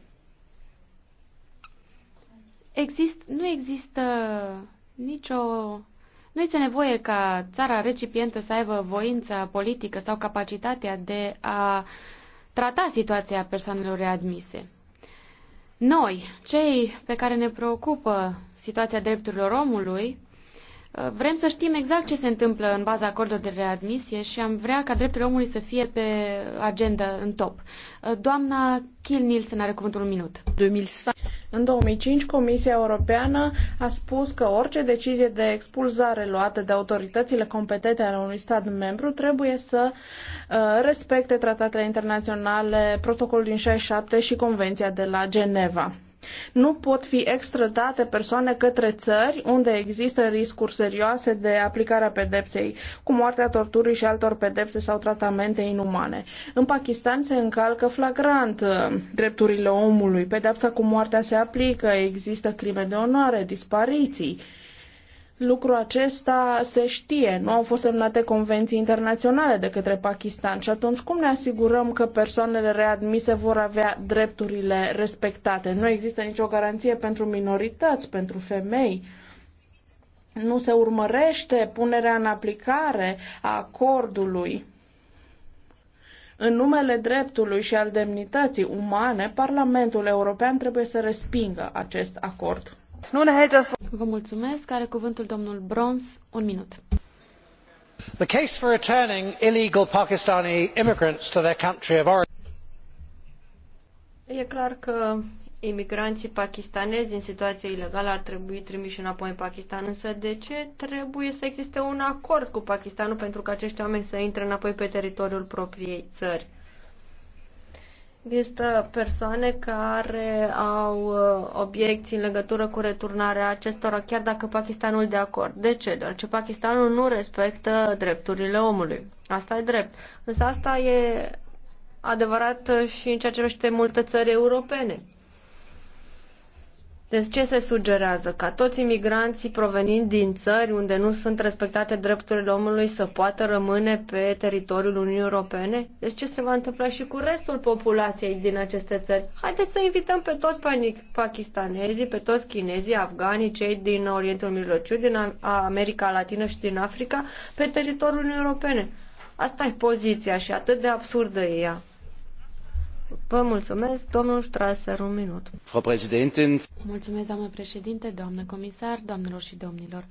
Exist, nu există nicio nu este nevoie ca țara recipientă să aibă voința politică sau capacitatea de a trata situația persoanelor readmise. Noi, cei pe care ne preocupă situația drepturilor omului, Vrem să știm exact ce se întâmplă în baza acordurilor de readmisie și am vrea ca drepturile omului să fie pe agenda în top. Doamna Kiel Nielsen are cuvântul un minut. În 2005, Comisia Europeană a spus că orice decizie de expulzare luată de autoritățile competente ale unui stat membru trebuie să uh, respecte tratatele internaționale, protocolul din 67 și Convenția de la Geneva. Nu pot fi extradate persoane către țări unde există riscuri serioase de aplicarea pedepsei, cu moartea torturii și altor pedepse sau tratamente inumane. În Pakistan se încalcă flagrant uh, drepturile omului, pedepsa cu moartea se aplică, există crime de onoare, dispariții. Lucrul acesta se știe, nu au fost semnate convenții internaționale de către Pakistan și atunci cum ne asigurăm că persoanele readmise vor avea drepturile respectate? Nu există nicio garanție pentru minorități, pentru femei nu se urmărește punerea în aplicare a acordului. În numele dreptului și al demnității umane, Parlamentul European trebuie să respingă acest acord. Vă mulțumesc. Are cuvântul domnul Brons. Un minut. The case for returning illegal Pakistani immigrants to their country of origin. E clar că imigranții pakistanezi în situație ilegală ar trebui trimiși înapoi în Pakistan, însă de ce trebuie să existe un acord cu Pakistanul pentru că acești oameni să intre înapoi pe teritoriul propriei țări? Există persoane care au uh, obiecții în legătură cu returnarea acestora, chiar dacă Pakistanul de acord. De ce? Deoarece Pakistanul nu respectă drepturile omului. Asta e drept. Însă asta e adevărat și în ceea ce privește multe țări europene. Deci ce se sugerează? Ca toți imigranții provenind din țări unde nu sunt respectate drepturile omului să poată rămâne pe teritoriul Uniunii Europene? Deci ce se va întâmpla și cu restul populației din aceste țări? Haideți să invităm pe toți pakistanezii, pe toți chinezii, afganii, cei din Orientul Mijlociu, din America Latină și din Africa, pe teritoriul Uniunii Europene. Asta e poziția și atât de absurdă e ea. Vă mulțumesc, domnul Strasser, un minut. Mulțumesc, doamnă președinte, doamnă comisar, doamnelor și domnilor.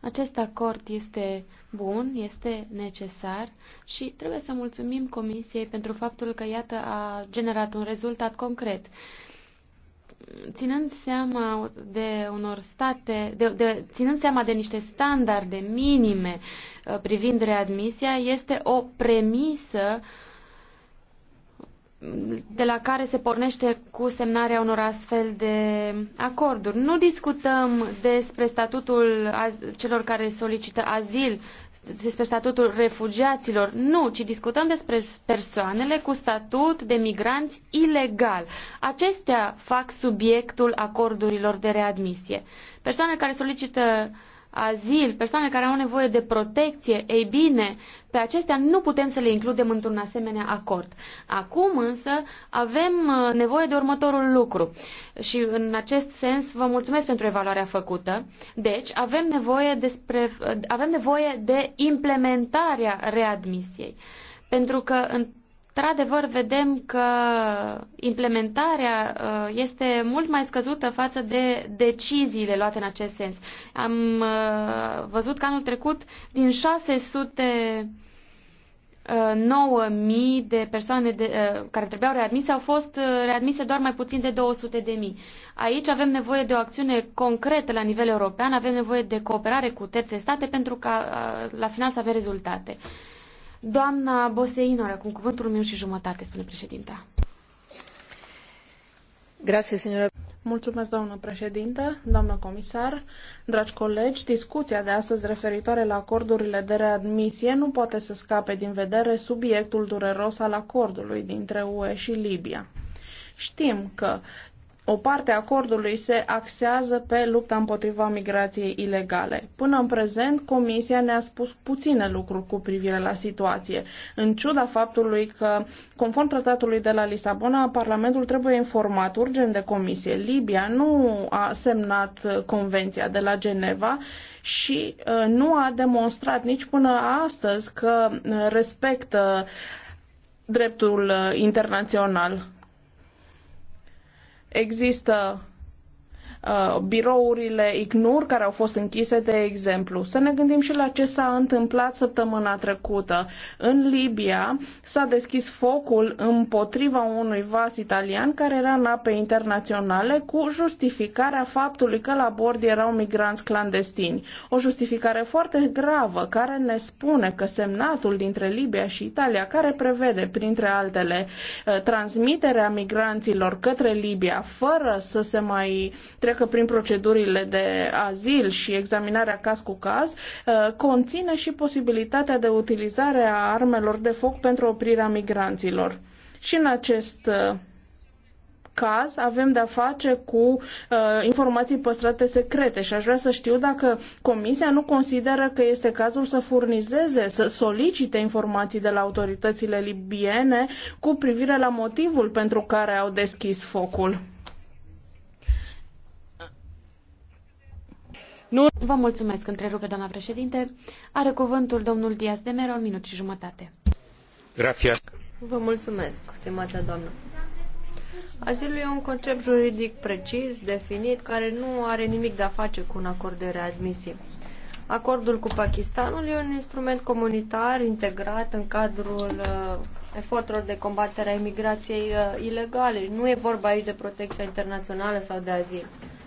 Acest acord este bun, este necesar și trebuie să mulțumim Comisiei pentru faptul că, iată, a generat un rezultat concret ținând seama de unor state, de, de, ținând seama de niște standarde minime uh, privind readmisia, este o premisă de la care se pornește cu semnarea unor astfel de acorduri. Nu discutăm despre statutul celor care solicită azil, despre statutul refugiaților, nu, ci discutăm despre persoanele cu statut de migranți ilegal. Acestea fac subiectul acordurilor de readmisie. Persoanele care solicită uh, azil, persoane care au nevoie de protecție, ei bine, pe acestea nu putem să le includem într-un asemenea acord. Acum însă avem uh, nevoie de următorul lucru și în acest sens vă mulțumesc pentru evaluarea făcută. Deci avem nevoie, despre, uh, avem nevoie de implementarea readmisiei. Pentru că în într-adevăr vedem că implementarea uh, este mult mai scăzută față de deciziile luate în acest sens. Am uh, văzut că anul trecut din 600 9.000 uh, de persoane de, care trebuiau readmise au fost readmise doar mai puțin de 200.000. Aici avem nevoie de o acțiune concretă la nivel european, avem nevoie de cooperare cu terțe state pentru ca la final să avem rezultate. Doamna Boseino, acum cuvântul meu și jumătate, spune președinta. Grazie, signora. Mulțumesc, doamnă președinte, doamnă comisar, dragi colegi. Discuția de astăzi referitoare la acordurile de readmisie nu poate să scape din vedere subiectul dureros al acordului dintre UE și Libia. Știm că o parte a acordului se axează pe lupta împotriva migrației ilegale. Până în prezent, Comisia ne-a spus puține lucruri cu privire la situație, în ciuda faptului că, conform tratatului de la Lisabona, Parlamentul trebuie informat urgent de Comisie. Libia nu a semnat Convenția de la Geneva și uh, nu a demonstrat nici până astăzi că uh, respectă dreptul uh, internațional există Uh, birourile IGNUR care au fost închise, de exemplu. Să ne gândim și la ce s-a întâmplat săptămâna trecută. În Libia s-a deschis focul împotriva unui vas italian care era în ape internaționale cu justificarea faptului că la bord erau migranți clandestini. O justificare foarte gravă care ne spune că semnatul dintre Libia și Italia, care prevede, printre altele, uh, transmiterea migranților către Libia fără să se mai treacă prin procedurile de azil și examinarea caz cu caz, uh, conține și posibilitatea de utilizare a armelor de foc pentru oprirea migranților. Și în acest uh, caz avem de-a face cu uh, informații păstrate secrete și aș vrea să știu dacă Comisia nu consideră că este cazul să furnizeze, să solicite informații de la autoritățile libiene cu privire la motivul pentru care au deschis focul. Nu... Vă mulțumesc, întrerupe doamna președinte. Are cuvântul domnul Dias de Mero, un minut și jumătate. Grazie. Vă mulțumesc, stimată doamnă. Azilul e un concept juridic precis, definit, care nu are nimic de a face cu un acord de readmisie. Acordul cu Pakistanul e un instrument comunitar integrat în cadrul uh, eforturilor de combatere a imigrației uh, ilegale. Nu e vorba aici de protecția internațională sau de azil. Uh,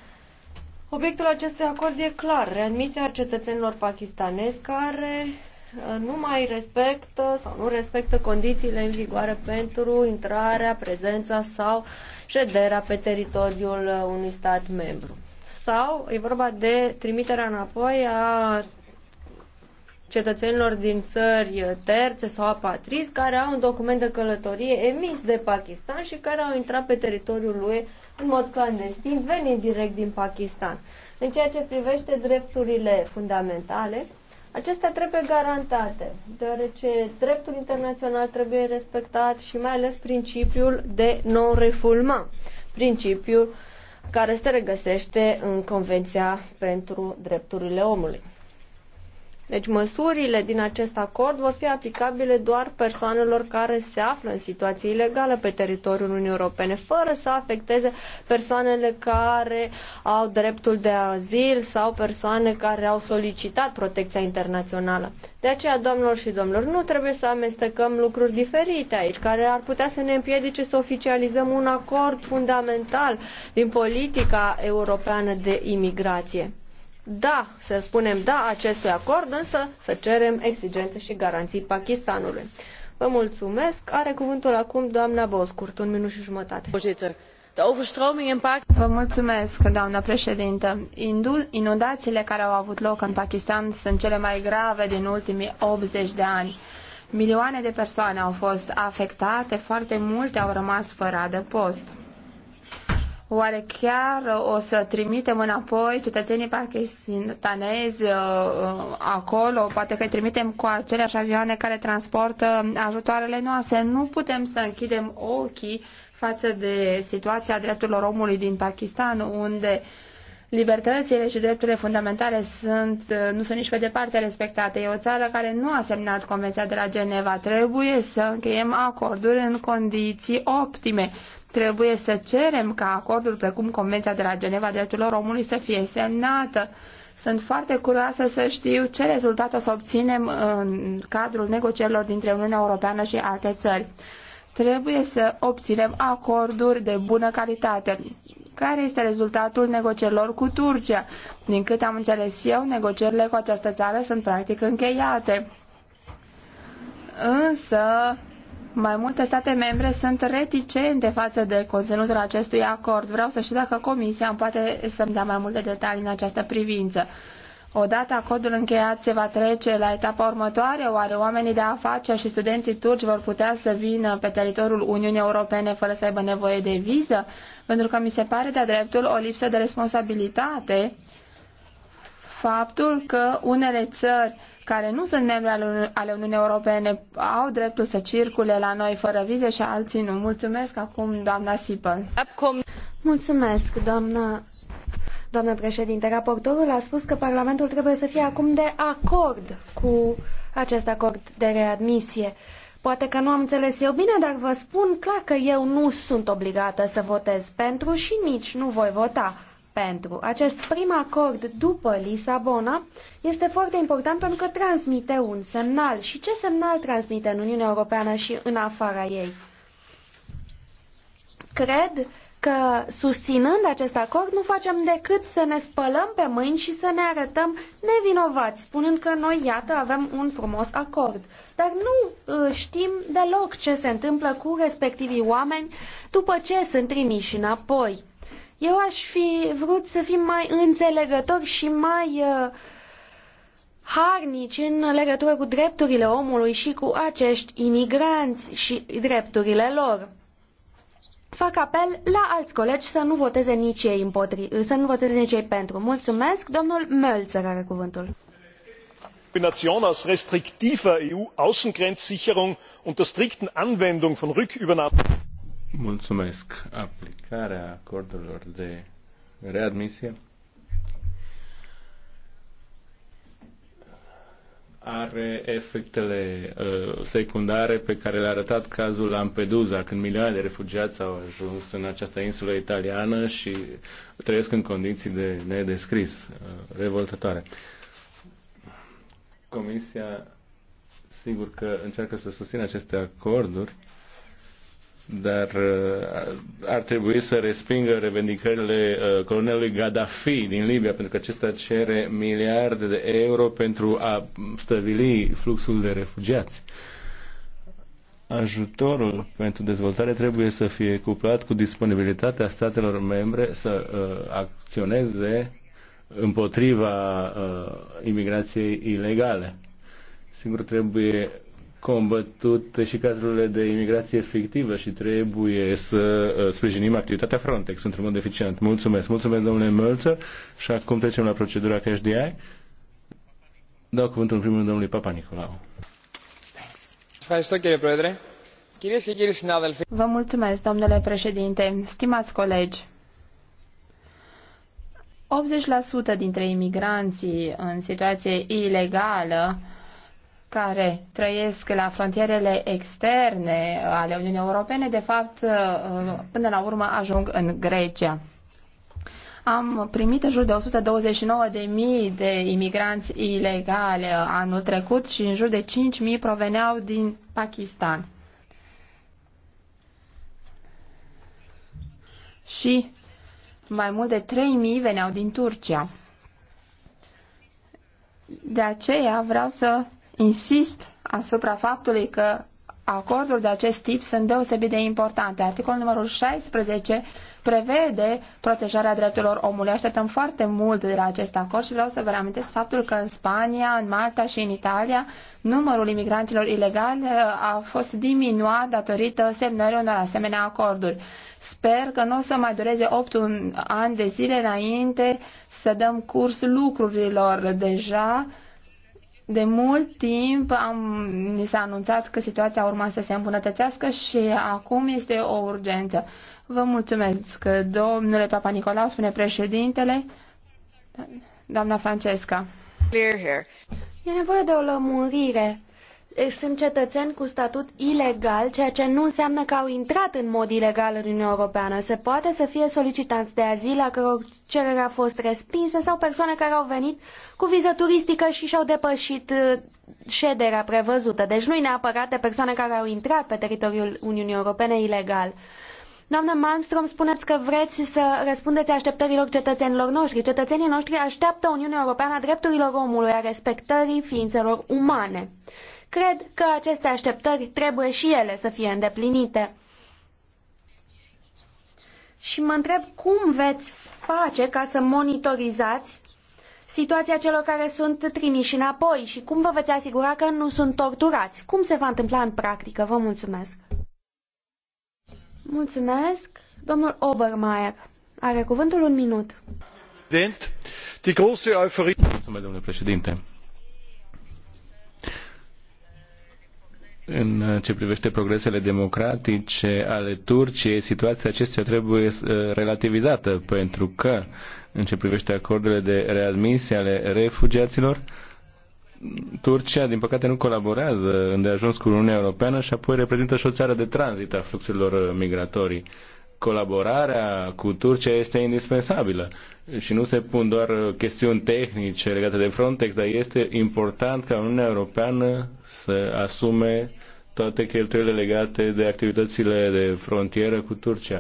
Obiectul acestui acord e clar, readmisia cetățenilor pakistanezi care uh, nu mai respectă sau nu respectă condițiile în vigoare pentru intrarea, prezența sau șederea pe teritoriul uh, unui stat membru. Sau e vorba de trimiterea înapoi a cetățenilor din țări uh, terțe sau apatrizi care au un document de călătorie emis de Pakistan și care au intrat pe teritoriul lui în mod clandestin, venind direct din Pakistan. În ceea ce privește drepturile fundamentale, Acestea trebuie garantate, deoarece dreptul internațional trebuie respectat și mai ales principiul de non-refulma, principiul care se regăsește în Convenția pentru Drepturile Omului. Deci măsurile din acest acord vor fi aplicabile doar persoanelor care se află în situație ilegală pe teritoriul Uniunii Europene, fără să afecteze persoanele care au dreptul de azil sau persoane care au solicitat protecția internațională. De aceea, doamnelor și domnilor, nu trebuie să amestecăm lucruri diferite aici, care ar putea să ne împiedice să oficializăm un acord fundamental din politica europeană de imigrație da, să spunem da acestui acord, însă să cerem exigențe și garanții Pakistanului. Vă mulțumesc. Are cuvântul acum doamna Boscurt, un minut și jumătate. Vă mulțumesc, doamna președintă. Inundațiile care au avut loc în Pakistan sunt cele mai grave din ultimii 80 de ani. Milioane de persoane au fost afectate, foarte multe au rămas fără adăpost. Oare chiar o să trimitem înapoi cetățenii pakistanezi uh, acolo? Poate că îi trimitem cu aceleași avioane care transportă ajutoarele noastre. Nu putem să închidem ochii față de situația drepturilor omului din Pakistan, unde libertățile și drepturile fundamentale sunt, uh, nu sunt nici pe departe respectate. E o țară care nu a semnat Convenția de la Geneva. Trebuie să încheiem acorduri în condiții optime. Trebuie să cerem ca acordul precum Convenția de la Geneva Drepturilor Omului să fie semnată. Sunt foarte curioasă să știu ce rezultat o să obținem în cadrul negocierilor dintre Uniunea Europeană și alte țări. Trebuie să obținem acorduri de bună calitate. Care este rezultatul negocierilor cu Turcia? Din câte am înțeles eu, negocierile cu această țară sunt practic încheiate. Însă, mai multe state membre sunt reticente față de conținutul acestui acord. Vreau să știu dacă Comisia îmi poate să-mi dea mai multe detalii în această privință. Odată acordul încheiat se va trece la etapa următoare, oare oamenii de afaceri și studenții turci vor putea să vină pe teritoriul Uniunii Europene fără să aibă nevoie de viză? Pentru că mi se pare de dreptul o lipsă de responsabilitate faptul că unele țări care nu sunt membri ale Uniunii Europene au dreptul să circule la noi fără vize și alții nu. Mulțumesc acum, doamna Sipel. Mulțumesc, doamna Doamnă președinte, raportorul a spus că Parlamentul trebuie să fie acum de acord cu acest acord de readmisie. Poate că nu am înțeles eu bine, dar vă spun clar că eu nu sunt obligată să votez pentru și nici nu voi vota pentru. Acest prim acord după Lisabona este foarte important pentru că transmite un semnal. Și ce semnal transmite în Uniunea Europeană și în afara ei? Cred că susținând acest acord nu facem decât să ne spălăm pe mâini și să ne arătăm nevinovați, spunând că noi, iată, avem un frumos acord. Dar nu uh, știm deloc ce se întâmplă cu respectivii oameni după ce sunt trimiși înapoi. Eu aș fi vrut să fim mai înțelegători și mai uh, harnici în legătură cu drepturile omului și cu acești imigranți și drepturile lor. Fac apel la alți colegi să nu voteze nici ei împotri, să nu voteze nici ei pentru. Mulțumesc, domnul Mölzer are cuvântul. Kombination aus restriktiver EU-Außengrenzsicherung und der strikten Anwendung von Rückübernahmen Mulțumesc. Aplicarea acordurilor de readmisie are efectele uh, secundare pe care le-a arătat cazul Lampedusa, când milioane de refugiați au ajuns în această insulă italiană și trăiesc în condiții de nedescris, uh, revoltătoare. Comisia, sigur că încearcă să susțină aceste acorduri, uh, dar uh, ar trebui să respingă revendicările uh, colonelului Gaddafi din Libia, pentru că acesta cere miliarde de euro pentru a stabili fluxul de refugiați. Ajutorul pentru dezvoltare trebuie să fie cuplat cu disponibilitatea statelor membre să uh, acționeze împotriva uh, imigrației ilegale. Sigur, trebuie combătut și cazurile de imigrație fictivă și trebuie să uh, sprijinim activitatea Frontex într-un mod eficient. Mulțumesc. Mulțumesc, domnule Mölzer. Și acum trecem la procedura cash DI. Dau cuvântul în primul rând domnului Papa Nicolau. Vă mulțumesc, domnule președinte. Stimați colegi, 80% dintre imigranții în situație ilegală care trăiesc la frontierele externe ale Uniunii Europene, de fapt, uh, până la urmă ajung în Grecia. Am primit în jur de 129.000 de imigranți ilegali uh, anul trecut și în jur de 5.000 proveneau din Pakistan. Și mai mult de 3.000 veneau din Turcia. De aceea vreau să insist asupra faptului că acorduri de acest tip sunt deosebit de importante. Articolul numărul 16 prevede protejarea drepturilor omului. Așteptăm foarte mult de la acest acord și vreau să vă reamintesc faptul că în Spania, în Malta și în Italia numărul imigranților ilegali uh, a fost diminuat datorită semnării unor asemenea acorduri. Sper că nu o să mai dureze 8 ani de zile înainte să dăm curs lucrurilor deja de mult timp am, mi s-a anunțat că situația urma să se îmbunătățească și acum este o urgență. Vă mulțumesc, domnule Papa Nicolau, spune președintele, doamna Francesca. Clear here. E nevoie de o lămurire. Eh, sunt cetățeni cu statut ilegal, ceea ce nu înseamnă că au intrat în mod ilegal în Uniunea Europeană. Se poate să fie solicitanți de azil a căror cerere a fost respinsă sau persoane care au venit cu viză turistică și și-au depășit eh, șederea prevăzută. Deci nu-i neapărat de persoane care au intrat pe teritoriul Uniunii Europene ilegal. Doamnă Malmström, spuneți că vreți să răspundeți așteptărilor cetățenilor noștri. Cetățenii noștri așteaptă Uniunea Europeană a drepturilor omului, a respectării ființelor umane. Cred că aceste așteptări trebuie și ele să fie îndeplinite. Și mă întreb cum veți face ca să monitorizați situația celor care sunt trimiși înapoi și cum vă veți asigura că nu sunt torturați. Cum se va întâmpla în practică? Vă mulțumesc. Mulțumesc. Domnul Obermeier are cuvântul un minut. Mulțumesc, domnule președinte. În ce privește progresele democratice ale Turciei, situația acestea trebuie uh, relativizată, pentru că, în ce privește acordurile de readmisie ale refugiaților, Turcia, din păcate, nu colaborează îndeajuns cu Uniunea Europeană și apoi reprezintă și o țară de tranzit a fluxurilor uh, migratorii colaborarea cu Turcia este indispensabilă și nu se pun doar chestiuni tehnice legate de Frontex, dar este important ca Uniunea Europeană să asume toate cheltuielile legate de activitățile de frontieră cu Turcia.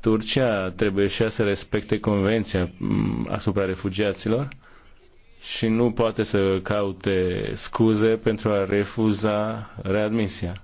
Turcia trebuie și ea să respecte convenția mm, asupra refugiaților și nu poate să caute scuze pentru a refuza readmisia.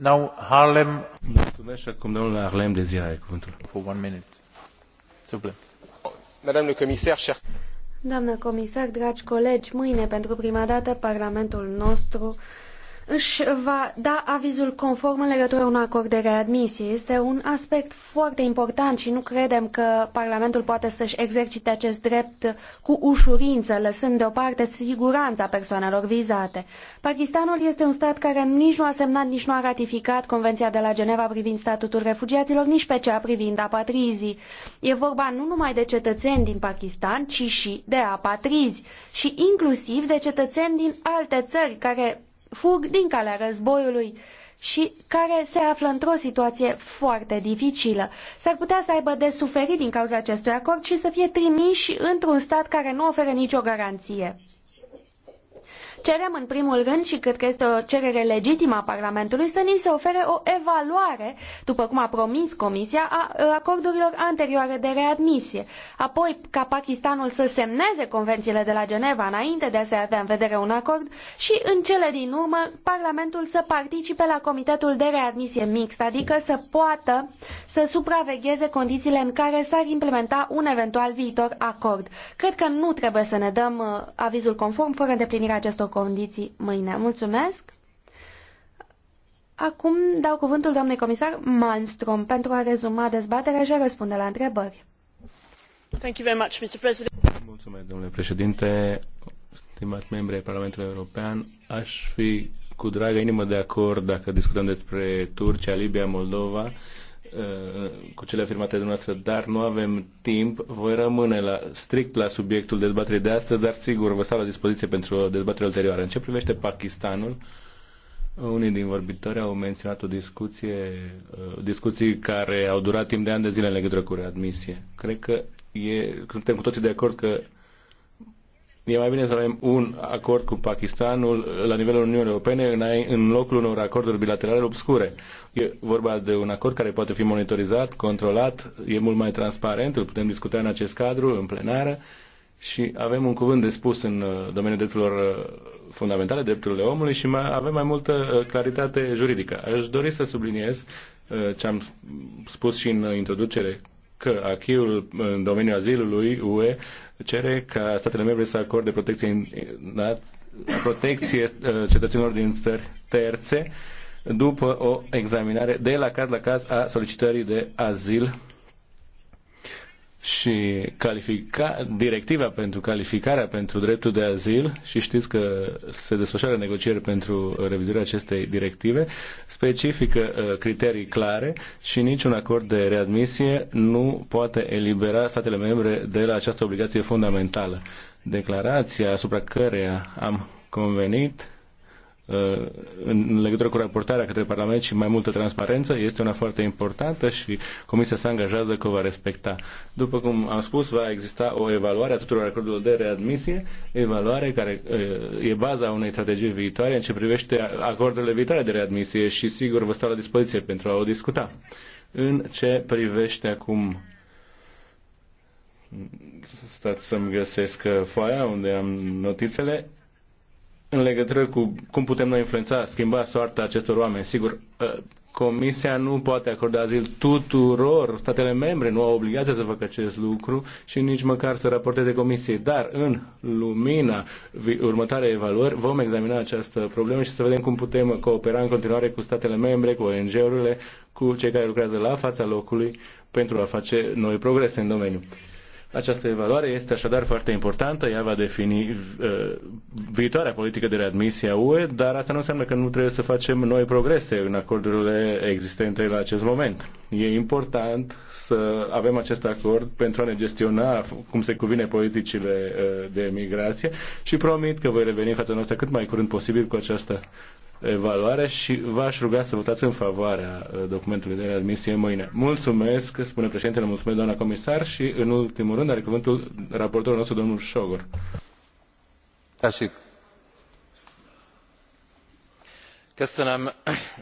Now Harlem. dragi colegi mâine pentru prima dată parlamentul nostru For one minute. Suple. Madame le commissaire, cher... Doamnă comisar, dragi colegi, mâine pentru prima dată Parlamentul nostru își va da avizul conform în legătură cu un acord de readmisie. Este un aspect foarte important și nu credem că Parlamentul poate să-și exercite acest drept cu ușurință, lăsând deoparte siguranța persoanelor vizate. Pakistanul este un stat care nici nu a semnat, nici nu a ratificat Convenția de la Geneva privind statutul refugiaților, nici pe cea privind apatrizii. E vorba nu numai de cetățeni din Pakistan, ci și de apatrizi și inclusiv de cetățeni din alte țări care fug din calea războiului și care se află într-o situație foarte dificilă. S-ar putea să aibă de suferit din cauza acestui acord și să fie trimiși într-un stat care nu oferă nicio garanție. Cerem în primul rând și cred că este o cerere legitimă a Parlamentului să ni se ofere o evaluare, după cum a promis Comisia, a acordurilor anterioare de readmisie. Apoi ca Pakistanul să semneze convențiile de la Geneva înainte de a se avea în vedere un acord și în cele din urmă Parlamentul să participe la Comitetul de Readmisie Mixt, adică să poată să supravegheze condițiile în care s-ar implementa un eventual viitor acord. Cred că nu trebuie să ne dăm uh, avizul conform fără îndeplinirea acestor condiții mâine. Mulțumesc! Acum dau cuvântul domnului comisar Malmström pentru a rezuma dezbaterea și a răspunde la întrebări. Thank you very much, Mr. President. Mulțumesc, domnule președinte. Stimați membri ai Parlamentului European, aș fi cu dragă inimă de acord dacă discutăm despre Turcia, Libia, Moldova, Uh, cu cele afirmate de noastră, dar nu avem timp. Voi rămâne la, strict la subiectul dezbaterii de astăzi, dar sigur vă stau la dispoziție pentru o dezbatere ulterioară. În ce privește Pakistanul, uh, unii din vorbitori au menționat o discuție, uh, discuții care au durat timp de ani de zile în legătură cu readmisie. Cred că e, suntem cu toții de acord că E mai bine să avem un acord cu Pakistanul la nivelul Uniunii Europene în locul unor acorduri bilaterale obscure. E vorba de un acord care poate fi monitorizat, controlat, e mult mai transparent, îl putem discuta în acest cadru, în plenară și avem un cuvânt de spus în uh, domeniul drepturilor uh, fundamentale, drepturile omului și mai, avem mai multă uh, claritate juridică. Aș dori să subliniez ce am spus și în introducere că Archivul în domeniul azilului UE cere ca statele membre să acorde protecție, da, protecție uh, cetățenilor din țări terțe după o examinare de la caz la caz a solicitării de azil și califica, directiva pentru calificarea pentru dreptul de azil și știți că se desfășoară negocieri pentru revizuirea acestei directive, specifică uh, criterii clare și niciun acord de readmisie nu poate elibera statele membre de la această obligație fundamentală. Declarația asupra căreia am convenit Uh, în legătură cu raportarea către Parlament și mai multă transparență este una foarte importantă și Comisia se angajează că o va respecta. După cum am spus, va exista o evaluare a tuturor acordurilor de readmisie, evaluare care uh, e baza unei strategii viitoare în ce privește acordurile viitoare de readmisie și sigur vă stau la dispoziție pentru a o discuta. În ce privește acum stați să-mi găsesc foaia unde am notițele în legătură cu cum putem noi influența, schimba soarta acestor oameni. Sigur, ă, Comisia nu poate acorda azil tuturor, statele membre nu au obligația să facă acest lucru și nici măcar să raporteze Comisiei. Dar în lumina următoarei evaluări vom examina această problemă și să vedem cum putem coopera în continuare cu statele membre, cu ONG-urile, cu cei care lucrează la fața locului pentru a face noi progrese în domeniu. Această evaluare este așadar foarte importantă, ea va defini uh, viitoarea politică de readmisie a UE, dar asta nu înseamnă că nu trebuie să facem noi progrese în acordurile existente la acest moment. E important să avem acest acord pentru a ne gestiona cum se cuvine politicile uh, de migrație și promit că voi reveni în fața noastră cât mai curând posibil cu această evaluarea și v-aș ruga să votați în favoarea uh, documentului de admisie mâine. Mulțumesc, spune președintele, mulțumesc doamna comisar și în ultimul rând are cuvântul raportorul nostru, domnul Șogor. Tăsic. Köszönöm,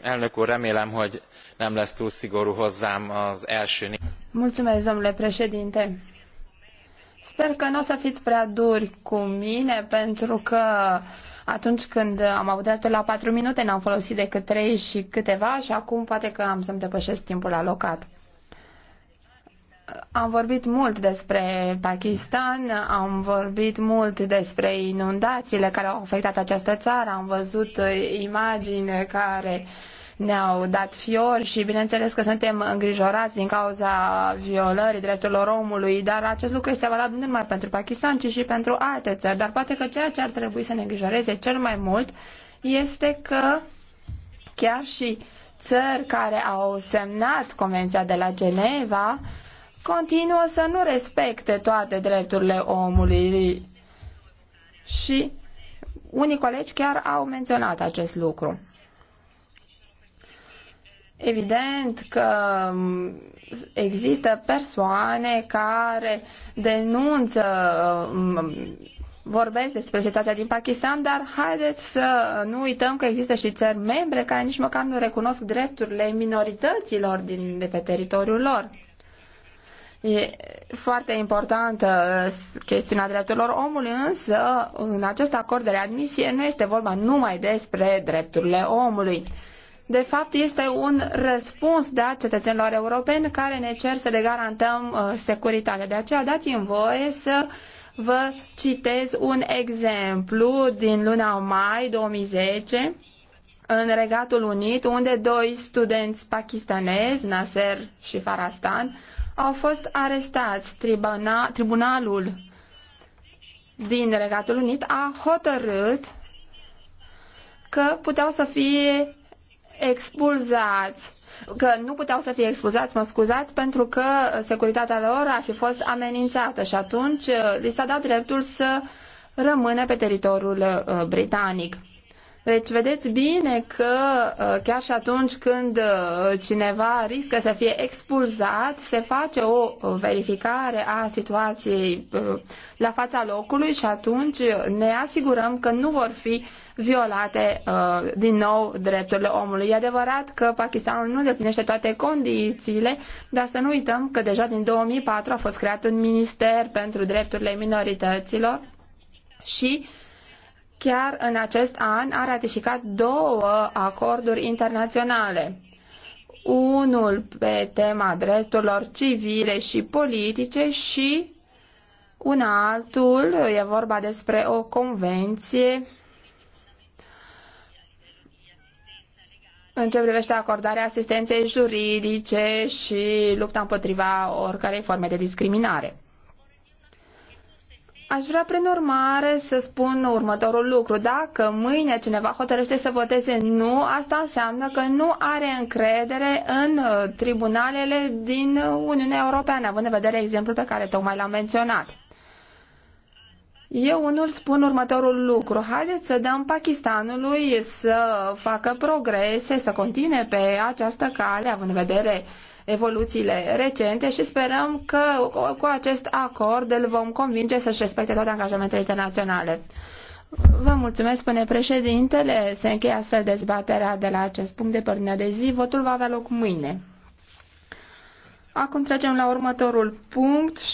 elnök úr, remélem, hogy nem lesz túl szigorú hozzám az első... Mulțumesc, domnule președinte. Sper că nu o să fiți prea duri cu mine, pentru că uh, atunci când am avut dreptul la 4 minute, n-am folosit decât 3 și câteva și acum poate că am să-mi depășesc timpul alocat. Am vorbit mult despre Pakistan, am vorbit mult despre inundațiile care au afectat această țară, am văzut imagini care uh, ne-au dat fiori și bineînțeles că suntem îngrijorați din cauza violării drepturilor omului, dar acest lucru este valabil nu numai pentru Pakistan, ci și pentru alte țări. Dar poate că ceea ce ar trebui să ne îngrijoreze cel mai mult este că chiar și țări care au semnat Convenția de la Geneva continuă să nu respecte toate drepturile omului. Și unii colegi chiar au menționat acest lucru. Evident că există persoane care denunță, vorbesc despre situația din Pakistan, dar haideți să nu uităm că există și țări membre care nici măcar nu recunosc drepturile minorităților din, de pe teritoriul lor. E foarte importantă chestiunea drepturilor omului, însă în acest acord de readmisie nu este vorba numai despre drepturile omului de fapt este un răspuns dat cetățenilor europeni care ne cer să le garantăm uh, securitatea. De aceea dați-mi voie să vă citez un exemplu din luna mai 2010 în Regatul Unit, unde doi studenți pakistanezi, Nasser și Farastan, au fost arestați. Tribuna, tribunalul din Regatul Unit a hotărât că puteau să fie expulzați că nu puteau să fie expulzați, mă scuzați, pentru că securitatea lor ar fi fost amenințată și atunci uh, li s-a dat dreptul să rămână pe teritoriul uh, britanic. Deci vedeți bine că uh, chiar și atunci când cineva riscă să fie expulzat, se face o verificare a situației la fața locului și atunci ne asigurăm că nu vor fi violate uh, din nou drepturile omului. E adevărat că Pakistanul nu îndeplinește toate condițiile, dar să nu uităm că deja din 2004 a fost creat un minister pentru drepturile minorităților și chiar în acest an a ratificat două acorduri internaționale unul pe tema drepturilor civile și politice și un altul, e vorba despre o convenție în ce privește acordarea asistenței juridice și lupta împotriva oricărei forme de discriminare. Aș vrea, prin urmare, să spun următorul lucru. Dacă mâine cineva hotărăște să voteze nu, asta înseamnă că nu are încredere în uh, tribunalele din Uniunea Europeană, având în vedere exemplul pe care tocmai l-am menționat. Eu unul spun următorul lucru. Haideți să dăm Pakistanului să facă progrese, să continue pe această cale, având în vedere evoluțiile recente și sperăm că cu acest acord îl vom convinge să-și respecte toate angajamentele internaționale. Vă mulțumesc, spune președintele. Se încheie astfel dezbaterea de la acest punct de părnea de zi. Votul va avea loc mâine. Acum trecem la următorul punct.